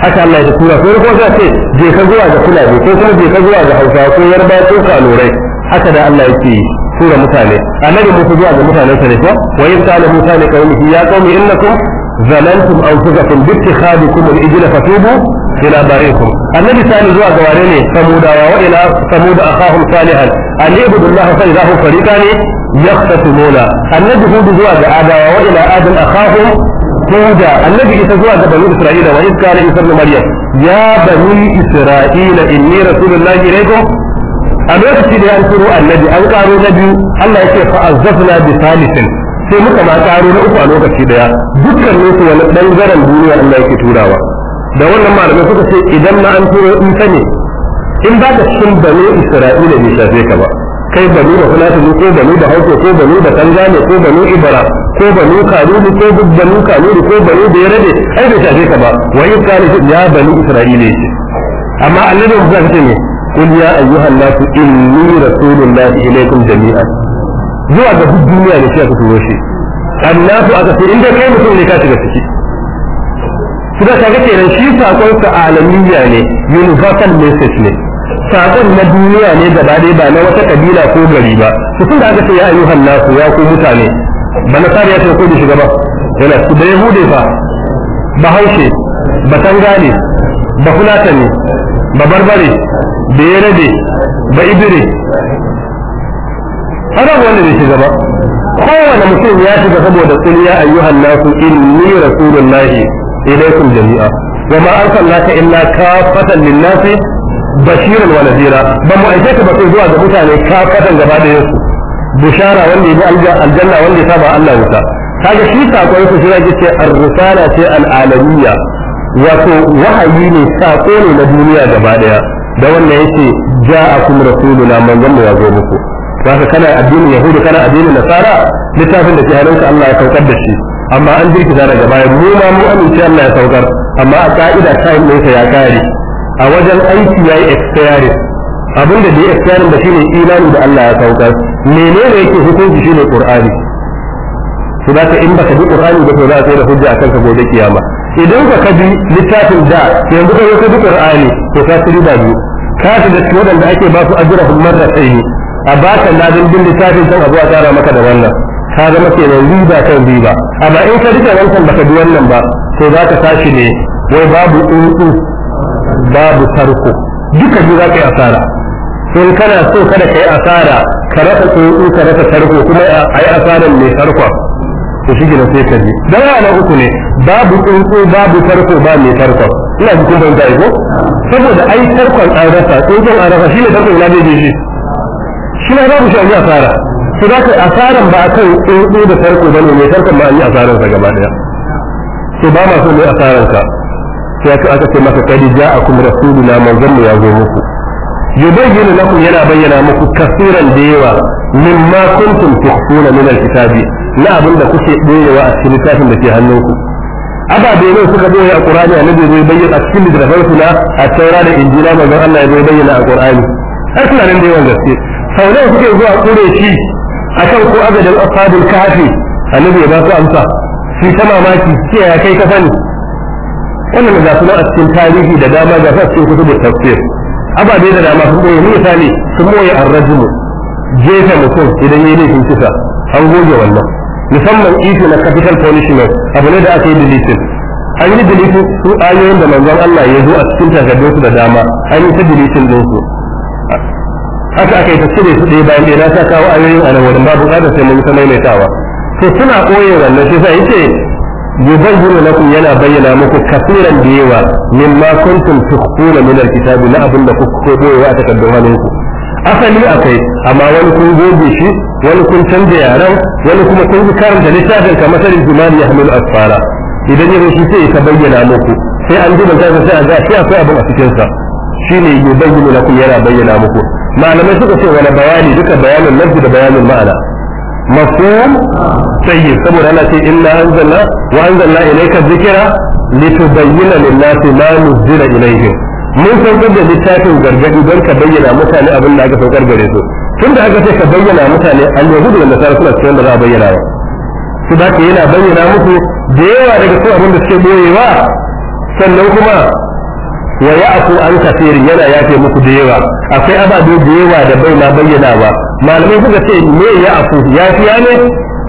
haka Allah ya tura ko kuma za ce je ka zuwa ga Fulani ko kuma je ka zuwa ga Hausa ko Yarbawa ko Kanurai haka da Allah yake yi tura mutane annabi musu zuwa ga mutanen sa ne ko wa yin kana mutane kawai ya qaumi innakum ظلمتم انفسكم باتخاذكم العجل فتوبوا ila barikum annabi sani zuwa ga wane ne samudawa wa ila samud akhahum salihan an ibudu allaha fa idha hum fariqani yaqtasimuna annabi hudu zuwa ga adawa wa ila adam akhahum huda annabi isa zuwa ga bani isra'ila wa iz kana isa ibn maryam ya bani isra'ila inni rasulullahi ilaykum a lokaci da ya annabi an karo na biyu Allah fa azzafna bi sai muka ma karo na uku a lokaci daya dukkan su wani dangaren duniya Allah yake turawa da wannan malamai suka ce idan na an turo in ka ne in ba da cikin bane isra'ila bai shafe ka ba kai banu da fulatani ko banu da hausa ko banu da tanzania ko banu ibara ko banu kanuni ko banu kanuni ko banu da ya rade ai bai shafe ka ba wa ya kare ne ya banu isra'ila ce amma annabi musa ka ce ne قل يا أيها الناس إني رسول الله إليكم جميعا zuwa ga duk duniya ne shi aka turo shi annasu aka ce inda kai mutum ne ka shiga ciki kuma ga kenan shi sakon sa alamiya ne universal message ne sakon na duniya ne gaba dai ba na wata kabila ko gari ba su tun da aka ce ya ayyuhan nasu ya ku mutane ba na ya ce ko da shiga yana su da yahude fa ba haushe ba tangane ba fulatani ba barbare da yarade ba ibire ana wanda bai shiga ba kowane mutum ya shiga saboda kuliya ayyuhan nasu inni rasulullahi ilaykum jami'a wa ma arsalnaka illa kafatan lin-nasi bashiran wa nadira ba mu aike ka ba sai zuwa ga mutane kafatan gaba da yansu bushara wanda aljanna wanda ya Allah wuta kaga shi sakon su shi ce ar ce al wato wahayi ne sako ne na duniya gaba daya da wannan yake ja'akum rasuluna manzon mu ya zo muku ka kana addinin yahudi kana addinin nasara littafin da ke hannunka Allah ya kaukar da shi amma an jirkita daga baya mu ma mu amince Allah ya saukar amma a ka'ida time ɗinsa ya kare a wajen aiki ya yi expiring abin da bai expiring ba shine imani da Allah ya saukar menene yake hukunci shine qur'ani su da ka in baka bi qur'ani ba to za ka yi da hujja akan ka gobe kiyama idan ka bi littafin da yanzu ka yi ka bi qur'ani to ka tsiri da biyu ka ta da waɗanda ake ba su da marratayn a baka ladin bin littafin san abu a tsara maka da wannan ka mace ne riba kan riba amma in ka rike wancan baka bi wannan ba sai za ka tashi ne wai babu tsuntsu babu tarko duka ji za ka yi asara sai in kana so kada ka yi asara ka rasa tsuntsu ka rasa tarko kuma a yi asaran mai tarkon to shi gina sai ka ji dan na uku ne babu tsuntsu babu tarko ba mai tarkon ina ji kun zai ko saboda ai tarkon an rasa tsuntsun an rasa shi ne tarkon ina da shi shi ne babu shi a yi asara su za ka yi asaran ba a kan tsuntsu da farko ba ne mai farkon ba an yi asaran sa gaba daya su ba ma so ne asaran ka sai aka aka ce maka kadi ja a kuma rasuluna manzon mu ya zo muku na lakum yana bayyana muku kasiran da yawa mimma kuntum tukhfuna min alkitabi na abin da kuke boyewa a cikin littafin da ke hannunku ababe ne suka boye a qur'ani annabi zai bayyana a cikin littafin suna a taura da injila manzon Allah ya bayyana a qur'ani ai suna nan da yawan gaske sau nawa suke zuwa kureshi akan ko adadin ashabul kahfi annabi ya basu amsa su ta mamaki ce ya kai ka sani wannan ga suna a cikin tarihi da dama ga a cikin kutubul tafsir ababe da dama sun boye misali sun boye arrajul jefa mutum idan yayi laifin kisa an goge wannan musamman isu na capital punishment abu ne da aka yi deleting an yi deleting su ayoyin da manzon Allah ya zo a cikin takardunsu da dama an yi ta deleting din su haka aka yi ta cire su ɗaya bayan ɗaya na sa kawo ayoyin a nan wurin ba buƙatar sai mun ta maimaitawa to suna koye wannan shi sa yace yubayyinu lakum yana bayyana muku kafiran da yawa mimma kuntum tukhfuna min alkitabi na abinda kuke koyewa a takaddun ku asali akai amma wani kun goge shi wani kun canza yaran wani kuma kun karanta littafin kamar sanin jimani ya hamilu asfara idan ya shi sai ta bayyana muku sai an duba ta sai a ga shi akwai abin a cikinsa sa ne shine na kuma yana bayyana muku malamai suka ce wani bayani duka bayanin lafi da bayanin ma'ana mafhum tayyib saboda ana ce inna anzalna wa anzalna ilayka dhikra litubayyana lin-nasi ma nuzila ilayhim mun san da littafin gargadi don ka bayyana mutane abin da aka saukar gare su tun da aka ce ka bayyana mutane an hudu da nasara suna cikin da za a bayyana ba su da yana bayyana muku da yawa daga su abin da suke boyewa sannan kuma wa ya aku an kafirin yana yafe muku da yawa akwai ababe da yawa da bai na bayyana ba malamai suka ce me ya yafiya ne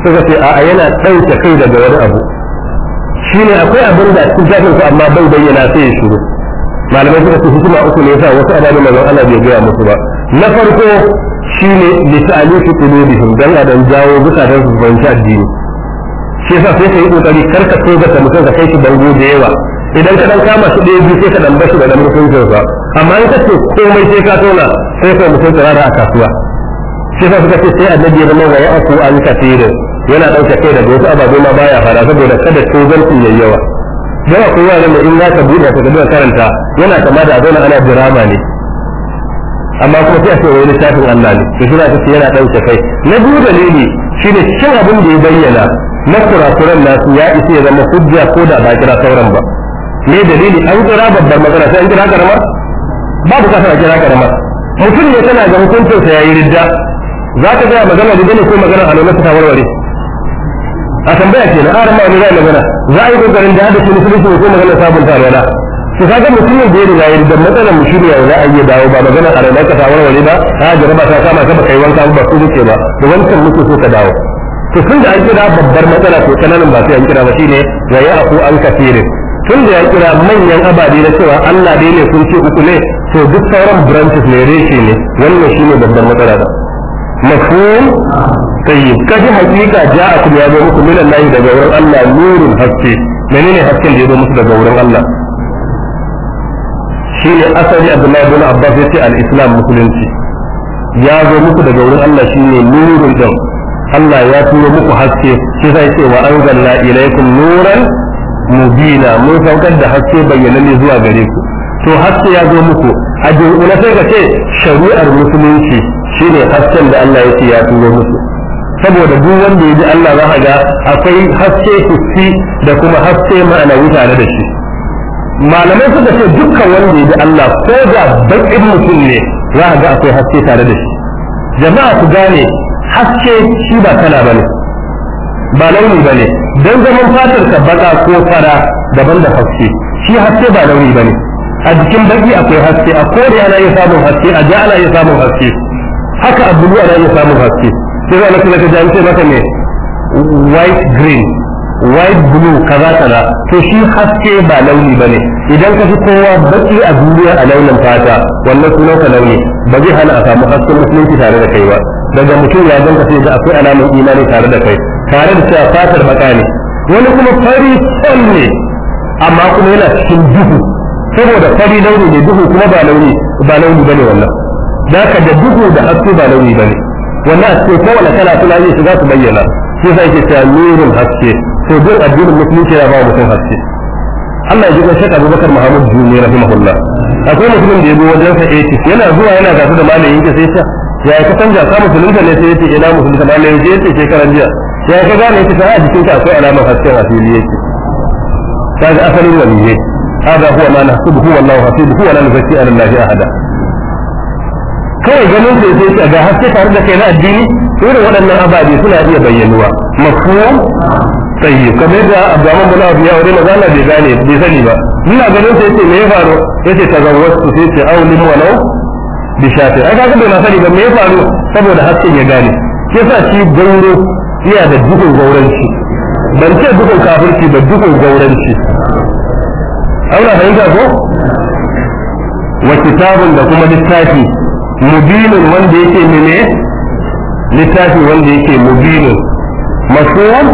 suka ce a'a yana ɗauke kai daga wani abu ne akwai abin da cikin jafin su amma bai bayyana sai ya shiru malamai suka ce hikima uku ne yasa wasu ababe manzon ana bai gaya musu ba na farko shi ne shine lisalifi qulubihim dan adam jawo zukatan su fahimci addini shi yasa sai ka yi kokari karka so ga mutum ka kai shi bango da yawa idan ka dan kama su ɗaya biyu sai ka dan bashi da dan mutuncin sa amma in ka ce komai sai ka tona sai ka mutum tsirara a kasuwa shi ka suka ce sai annabi ya zama wa ya aku an kafirin yana ɗauke kai daga wasu ababe ma baya fara saboda kada tozarci yayi yawa dan akwai yaran in za ka buɗe ka gaba karanta yana kama da zauna ana birama ne amma kuma sai a ce wani shafin Allah ne to shi ta ce yana ɗauke kai na biyu dalili shi ne cin abin da ya bayyana na kura-kuren kura-kuran nasu ya isa ya zama hujja ko da ba kira sauran ba ne dalili an kira babbar magana sai an kira karamar babu bukatar a kira karamar mutum ne tana ga hukuncin ya yi ridda za ka gaya magana da dole ko magana a nuna ta warware a tambaya kenan a ramar ne za magana za a yi kokarin da hada musulunci ko magana sabunta alwala to kaga mutum da ya yi ridda matsalar mu shine yau za a iya dawo ba magana a ranar ka ta warware ba a ba ta kama ka baka yi wanka ba su duke ba da wancan muke so ka dawo to sun da an kira babbar matsala to kananan ba sai an kira ba shine wa ya aku an kafirin tun da ya kira manyan ababe na cewa Allah dai ne sun ce uku ne to duk sauran branches ne reshe ne wannan shine babban matsala da mafhum tayyib kaji hakika ja'a kuma ya zo muku min Allah daga wurin Allah nurun haske menene hasken da ya zo musu daga wurin Allah shine asali Abdullahi ibn Abbas yace al-Islam musulunci ya zo muku daga wurin Allah shine nurun din Allah ya turo muku haske shi sai ce wa anzalna ilaykum nuran mubina mun saukar da haske bayyana ne zuwa gare ku to haske ya zo muku a na sai ka ce shari'ar musulunci shine hasken da Allah ya ce ya turo musu saboda duk wanda ya ji Allah za ka ga akwai haske kusi da kuma haske ma'anawi tare da shi malamai suka ce dukkan wanda ya ji Allah ko da baƙin mutum ne za ka ga akwai haske tare da shi jama'a ku gane haske shi ba kala bane ba launi ba ne don zaman fatar ka baka ko fara daban da haske shi haske ba launi ba ne a jikin baki akwai haske a kore ana yi samun haske a ja ana iya samun haske haka a bulu ana iya samun haske sai zai alaƙa ka jami'ai maka ne white green white blue kaza kaza to shi haske ba launi ba ne idan ka fi kowa baki a duniya a launin fata wannan sunan ka launi ba zai hana a samu hasken musulunci tare da kai ba daga mutum ya zanta sai ga akwai alamun imani tare da kai tare da cewa fatar baka ne wani kuma fari can ne amma kuma yana cikin duhu saboda fari launi ne duhu kuma ba launi ba launi bane wannan zaka da duhu da haske ba launi bane wannan haske kowane kala suna yi shi za su bayyana shi sai ke cewa nurin haske to duk addinin musulunci ya ba mutum haske Allah ya ji gashi ka Bakar Muhammad Jumi rahimahullah akwai mutumin da ya zo wajen sa ce yana zuwa yana gasu da malamin yake sai ya ya ka canja ka musulunta ne sai ya ce ina eh, musulunta malamin ce shekaran jiya ya ka gane ita sai a jikin ka akwai alamar hasken asiri yake ga asalin waliyyi hada huwa ma nahsibuhu wallahu hasibuhu wa la nuzakki ala allahi ahada kawai ganin sai sai ka ga haske tare da kai na addini irin waɗannan ababe suna iya bayyanuwa mafhum tsayi kamar da abdullahi bin abu ya wani magana bai gane bai sani ba ina ganin sai ce me ya faru yace tazawwastu sai ce aulim walau bi shafi ai kaga bai na sani ba me ya faru saboda hasken ya gane sa shi gauro iya da dukkan gauranci ban ce dukan kafirci ba dukan gauranci aura fahimta ko wa kitabun da kuma littafi mubinun wanda yake mene littafi wanda yake mubinun masuwan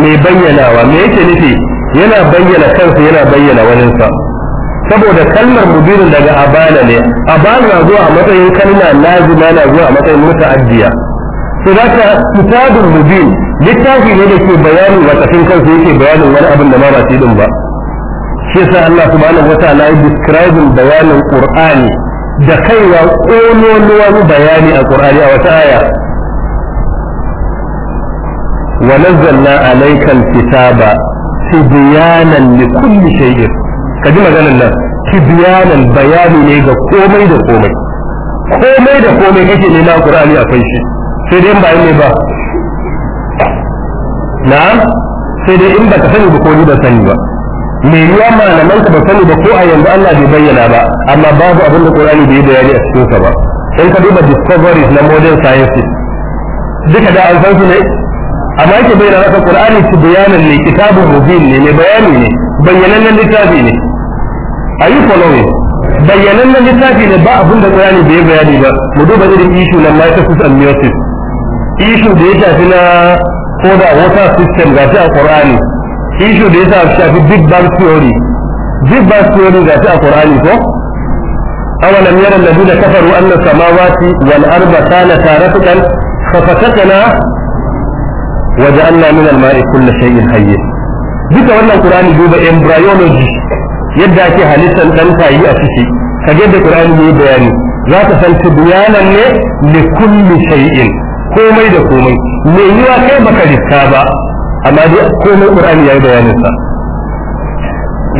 mai bayyanawa me yake nufi yana bayyana kansa yana bayyana waninsa saboda kalmar mubinun daga abana ne abana na zuwa a matsayin kalma lazima na zuwa a matsayin muta'addiya sadaka kitabul mubin littafi ne da ke bayani ba kafin kansa yake bayanin wani abin da ma ba shi din ba shi yasa Allah subhanahu wataala ya describing bayanin Qur'ani da kaiwa kololuwan bayani a Qur'ani a wata aya ونزلنا kitaba الكتاب تبيانا لكل شيء kaji maganar nan tibiyanan bayani ne ga komai da komai komai da komai kake nema qur'ani akwai shi sai dai in ba ne ba na'am sai dai in baka sani ba ko ni ba sani ba me yiwa malaman ka ba sani ba ko a yanzu Allah bai bayyana ba amma babu abin da Qur'ani bai bayani a cikin sa ba sai ka duba discoveries na modern sciences duka da an san su ne amma yake bayyana maka Qur'ani su bayanan ne kitabun mubin ne mai bayani ne bayyanannen littafi ne ayi following bayyanannen littafi ne ba abin da Qur'ani bai bayani ba mu duba irin issue na mitosis and meiosis ishu da ya shafi na ko da water system ga shi a qur'ani ishu da ya shafi big bang theory big bang theory ga shi a qur'ani ko أولم ta الذين كفروا أن السماوات والأرض كانتا رتقا ففتقنا وجعلنا من الماء كل shay'in حي duka wannan qur'ani duba embryology yadda ake halittar dan tayi a ciki kaje da qur'ani ne bayani za ka san tibyanan ne li kulli shay'in komai da komai mai yiwa kai baka riska ba amma dai komai qur'ani yayi bayanin sa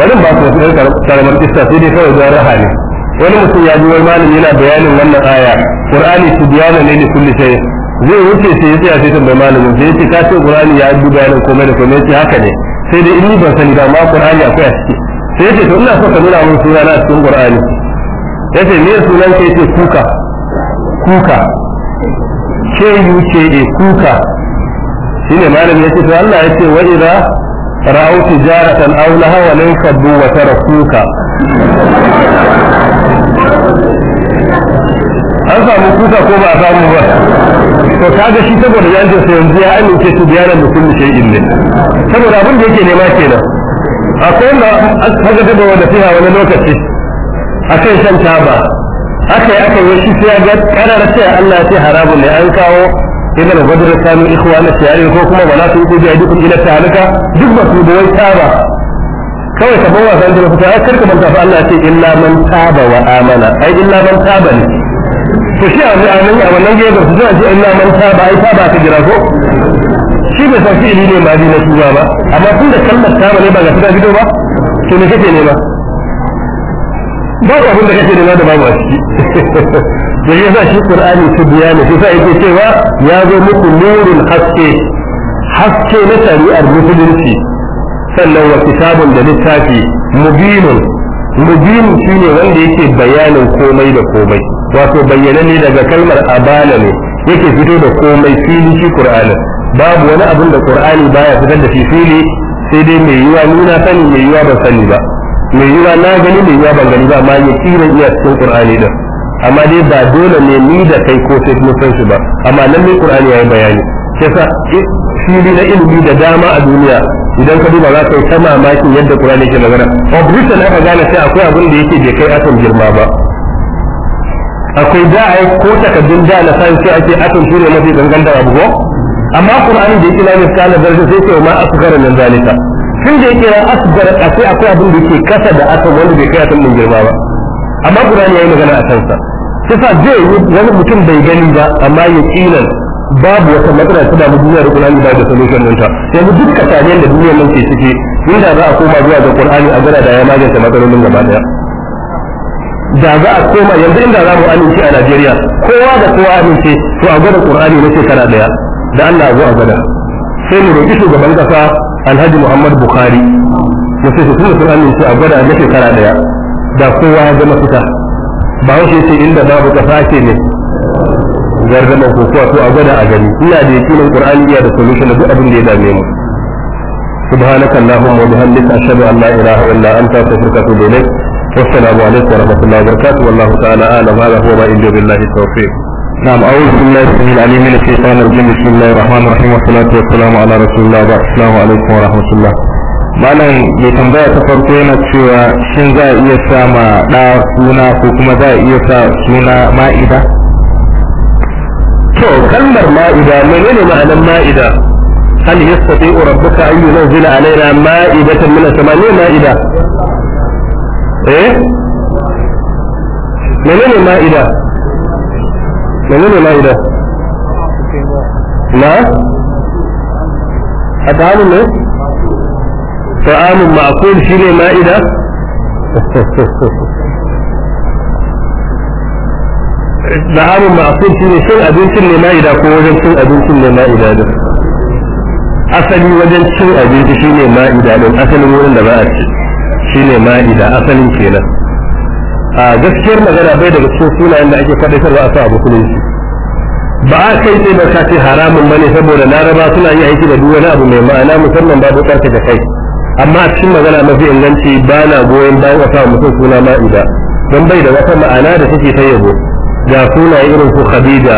bari ba ku sai karamar kissa sai dai kawai zuwa rahani wani mutum ya ji wani malami yana bayanin wannan aya qur'ani tibyana ne li kulli sai zai wuce sai ya tsaya sai tambayi malamin sai ya ce ka ce qur'ani ya yi bayanin komai da komai ce haka ne sai dai in ni ban sani ba ma qur'ani akwai a ciki sai ya ce to ina so ka nuna mun suna na cikin qur'ani ce me sunan ke ce kuka kuka KUKA e kuka shine malam ce to Allah yace wa idza ra'u tijaratan aw lahaw lan kabbu wa kuka. an samu kuka ko ba a samu ba to kaga shi saboda ya ji sai yanzu ya amince su biyaran mutum shay'in ne saboda abin da yake nema kenan akwai wanda aka da wanda fiha wani lokaci akan shan taba haka yi aka yi shi sai ga karar cewa Allah ya ce haramun ne an kawo idan ibn badr sami ikhwana tayari ko kuma wala su ku ji dukun ila tahalaka duk ba su da wai taba kawai ka bawa san da fita kar ka manta fa Allah ya ce illa man taba wa amana ai illa man taba ne to shi a nan a wannan gefe su zuwa ce illa man taba ai taba ka jira ko shi bai san fi'ili ne ma ne na shi ba amma tun da kalmar taba ne ba ga fita gido ba to me kake nema ba ka abin da kake da da babu a ciki da ya sa shi qur'ani su biya ne sai yake cewa ya zo muku nurin haske haske na shari'ar musulunci sannan wa kitabun da littafi mubinun mubin shine wanda yake bayanin komai da komai wato ne daga kalmar abana ne yake fito da komai fili shi qur'anin babu wani abin da qur'ani baya fitar da shi fili sai dai mai yiwa nuna sani mai yiwa ba sani ba mai yiwa na gani mai yiwa ban gani ba amma ya kira iya cikin qur'ani da amma dai ba dole ne ni da kai ko sai mun san shi ba amma nan ne qur'ani yayi bayani kisa fili na ilimi da dama a duniya idan ka duba za ka yi ta mamakin yadda qur'ani ke magana na aka gane sai akwai abin da yake bai kai atom girma ba akwai da a ko takaddun da na san sai ake atom shine mafi gangan da amma qur'ani da yake na misalan darasi sai ce ma asghara nan zalika tun da yake ran asbar akwai akwai abin da yake kasa da aka wanda bai kai akan mun girma ba amma qur'ani yayi magana a kansa sai sa zai wani mutum bai gani ba amma yaqinan babu wata matsala ta damu duniya da qur'ani ba da solution ɗinta yanzu duk kasaniyar da duniyar nan ke ciki inda za a koma zuwa ga qur'ani a gara da ya magance matsalolin gaba daya da za a koma yanzu inda za mu amince a Najeriya kowa da kowa amince to a gwada Qur'ani na shekara daya da Allah ya zo a gwada sai mu roƙi shugaban ƙasa alhaji muhammad bukhari mu ce su sun amince a gwada na shekara ɗaya da kowa ya zama fita ba wasu ce inda babu ƙasa ke ne gardama ko kuwa to a gwada a gani ina da yakinin qur'ani ya da solution da duk abin da ya dame mu سبحانك اللهم وبحمدك أشهد أن لا إله إلا أنت أستغفرك وأتوب إليك والسلام عليكم ورحمة الله وبركاته والله تعالى أعلم هذا هو ما إن بالله التوفيق نعم أعوذ بالله السميع العليم من الشيطان الرجيم بسم الله الرحمن الرحيم والصلاة والسلام على رسول الله وبعد السلام عليكم ورحمة الله malam mai tambaya ta farko yana cewa shin za a iya sa ma ɗa suna ko kuma za a iya sa suna ma'ida to kalmar ma'ida menene ma'anar ma'ida hal yastati'u rabbuka an yunzila alaina ma'idatan min as-sama' ne ma'ida eh menene ma'ida menene ma'ida na a ta'amun ne ta'amun ma'akul shi ne ma'ida ta'amun ma'akul shi ne shin abincin ne ma'ida ko wajen cin abincin ne ma'ida din asali wajen cin abinci shi ne ma'ida din asalin wurin da ba a ci shi ne ma'ida asalin kenan a gaskiyar magana bai daga cikin sunayen da ake faɗaitarwa a sa musulunci ba a kai sai ba ce haramun bane saboda laraba suna yi aiki da duwani abu mai ma'ana musamman babu karka da kai amma a cikin magana mafi inganci ba na goyon bayan wa mutum suna ma'ida don bai da wata ma'ana da take ta yabo ga sunaye irin su khadija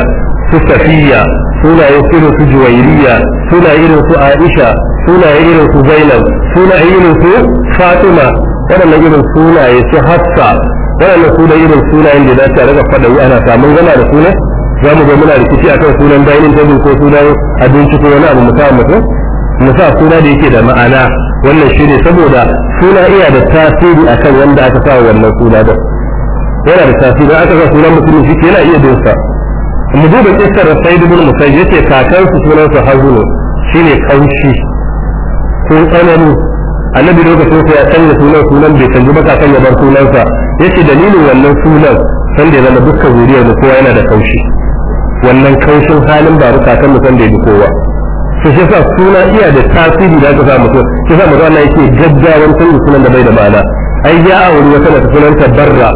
su safiya sunaye irin su juwairiya sunaye irin su aisha sunaye irin su zainab sunaye irin su fatima waɗannan irin sunaye su hafsa waɗannan sunan irin sunayen da za ta rika faɗa ana samun gana da sunan za mu ga muna rikici akan sunan dining table ko sunan abinci ko wani abu mu sa mutum mu sa suna da yake da ma'ana wannan shi ne saboda suna iya da tasiri akan wanda aka sa wannan suna da yana da tasiri aka sa sunan mutum shi yana iya dosa mu duba kissar Sa'id ibn Musayyib yace kakansu sunan sa shi ne kaushi ko tsanani annabi lokacin sa ya canza sunan sunan bai canji ba kakan ya bar sunansa yace dalilin wannan sunan sanda ya zama dukkan zuriyar mu kowa yana da kaushi wannan kaushin halin ba rukatan mu sanda ya bi kowa su shi sa suna iya da tasiri da aka sa mutum shi sa mutum yake gaggawan canza sunan da bai da ma'ana ai ya auri wata da ta barra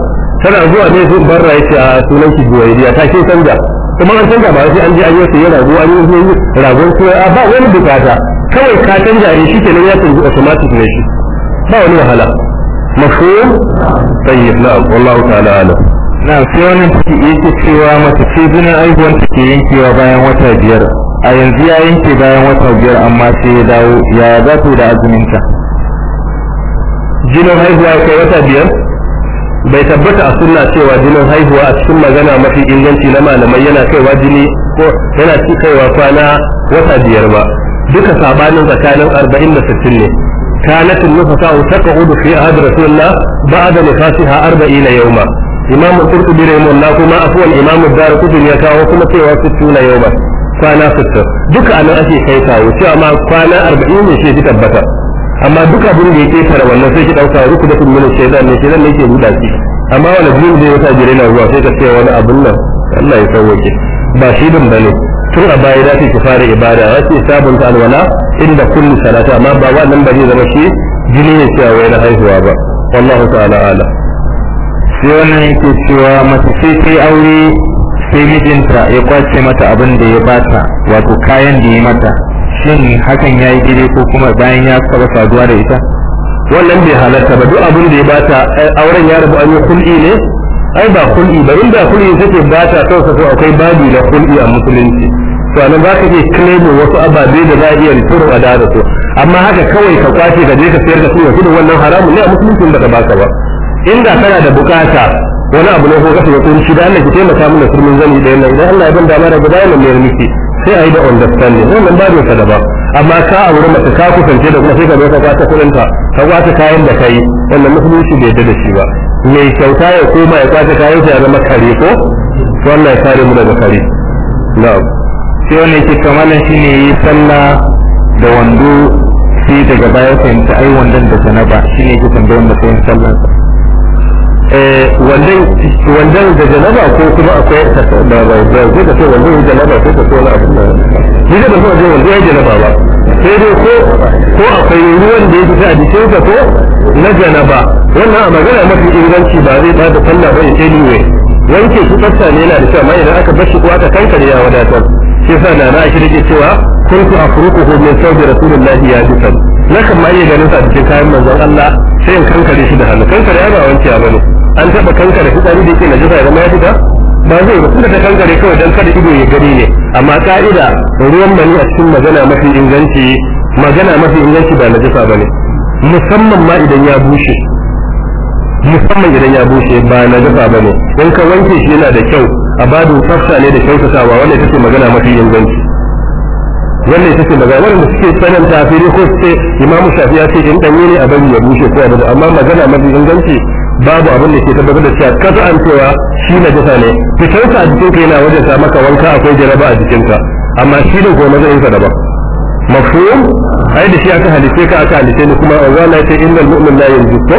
tana zuwa ne zuwa barra yace a ah, sunan ki iriya ta ke canza kuma an canza ba sai an je an yi sai rago an yi ragon ko a ah, ba wani bukata kawai ka canza ne shi nan ya canza automatic ne shi ba wani wahala مفهوم طيب نعم والله تعالى أعلم نعم sai wannan take yake cewa mace ce jinin aihuwan yankewa bayan wata biyar a yanzu ya yanke bayan wata biyar amma sai ya dawo ya za ta da azuminta jinin kai wata biyar bai tabbata a sunna cewa jinin haihuwa a cikin magana mafi inganci na malamai yana kaiwa jini ko wata biyar ba duka sabanin tsakanin arba'in da sittin ne كانت النفساء تقعد في عهد رسول الله بعد نفاسها أربعين يوما إمام القرطبي رحمه الله كما أفوى الإمام الدار قطبي يكاو كما سوى ستون يوما كان ستة دك أنا أتي كيتا وشاء ما كان أربعين شيء تبتا أما دك أبن دي كيتا وانا سيكت أو كارو كدت من الشيطان من الشيطان ليس يبدا شيء أما وانا بين دي وتاجرين هو سيكت سوى وانا أبن الله يسوي شيء باشيد بني ترى بايراتي كفار إبارة أتي سابن الولاء inda kullu salata amma ba wa nan bari zama shi jini ne cewa wai na haihuwa ba wallahu ta'ala ala sai wannan yake cewa mace sai ta aure sai mijinta ya kwace mata abin da ya bata wato kayan da ya mata shin hakan ya yi daidai ko kuma bayan ya saba saduwa da ita wannan bai halarta ba duk abin da ya bata auren ya rabu an yi ne ai ba kulli ba inda kul'i ke bata kansa ko akwai babu da kulli a musulunci to anan za ka iya claimin wasu ababe da za a iya rikuru a da su amma haka kawai ka kwace ka je ka sayar da su yanzu da wannan haramun ne a musulunci da ka baka ba inda kana da bukata wani abu ne ko ka shiga kunci da Allah ki taimaka mana kurmin zani da yana idan Allah ya ban dama da guda yana mai miki sai a yi da understanding wannan ba da da ba amma ka aure mace ka kusance da kuma sai ka zo ka kwata kudin ka kwata kayan da kai wannan musulunci bai yadda da shi ba mai kyauta ya koma ya kwata kayan sa ya zama kare ko wannan ya kare mu daga kare na'am sai wannan ke kamalan shi ne yi sallah da wando sai daga baya fahimta ai wandon da janaba shi ne ke tambayar matsayin sallah eh, wandon da janaba ko kuma akwai da zai da sai wandon da janaba ko ta wani janaba ba sai dai ko ko akwai ruwan da a ko na janaba wannan a magana mafi inganci ba zai ba da sallah ba ya anyway wanke shi tsafta ne yana da kyau amma idan aka bar shi ko aka kankare ya wadatar yasa na na shi take cewa kuntu afruquhu min sawbi rasulullahi ya bisan nakan ma iya ganin sa cikin kayan manzon Allah sai in kankare shi da hannu kankare ba wanke ba ne an taba kankare tsari da yake na jisa ya ya fita ba zai ba tunda ta kankare kawai dan kada ido ya gani ne amma ka'ida ruwan mani a cikin magana mafi inganci magana mafi inganci ba na jisa bane musamman ma idan ya bushe musamman idan ya bushe ba na jisa bane in ka wanke shi yana da kyau abadu tsafta ne da kyautatawa wanda ce magana mafi inganci wannan ita ce magana wanda suke sanin tafiri ko suke imamu shafi ya ce in danye ne a bari ya bushe ko abin amma magana mafi inganci babu abin da ke tabbatar da cewa kasa an cewa shi na jasa ne fitarsa a jikinka yana wajen sa maka wanka akwai jaraba a jikinka amma shi ne goma zai sa daban mafhum ai da shi aka halice ka aka halice ni kuma wallahi sai innal mu'min la yanzu ko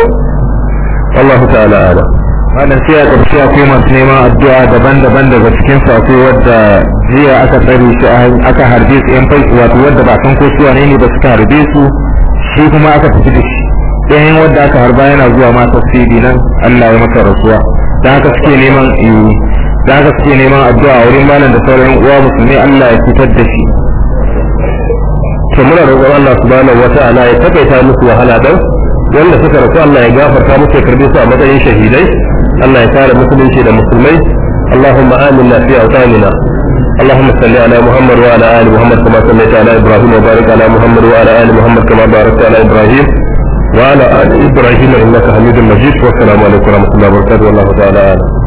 Allah ta'ala a'lam malam sai a ƙarshe akwai masu neman addu'a daban-daban daga cikin su akwai wadda jiya aka tsare shi aka harbe su yan fai wato wadda ba san ko su wane ne ba suka harbe su shi kuma aka tafi da shi ɗayan wadda aka harba yana zuwa ma tasiri nan Allah ya masa rasuwa dan haka suke neman iyo eh, dan haka suke neman addu'a wurin malam da sauran uwa musulmi Allah ya fitar da shi to muna roƙon Allah subhanahu wata'ala ya takaita musu wahala dan wanda suka rasu Allah ya gafarta musu ya karbe su a matsayin shahidai Allah ya kare musulunci da musulmai Allahumma amin fi awtanina Allahumma salli ala Muhammad wa ala ali Muhammad kama sallaita ala Ibrahim wa barik ala Muhammad wa ala ali Muhammad kama barakta ala Ibrahim wa ala ali Ibrahim innaka Hamidun Majid wa assalamu alaikum wa rahmatullahi wa barakatuh wallahu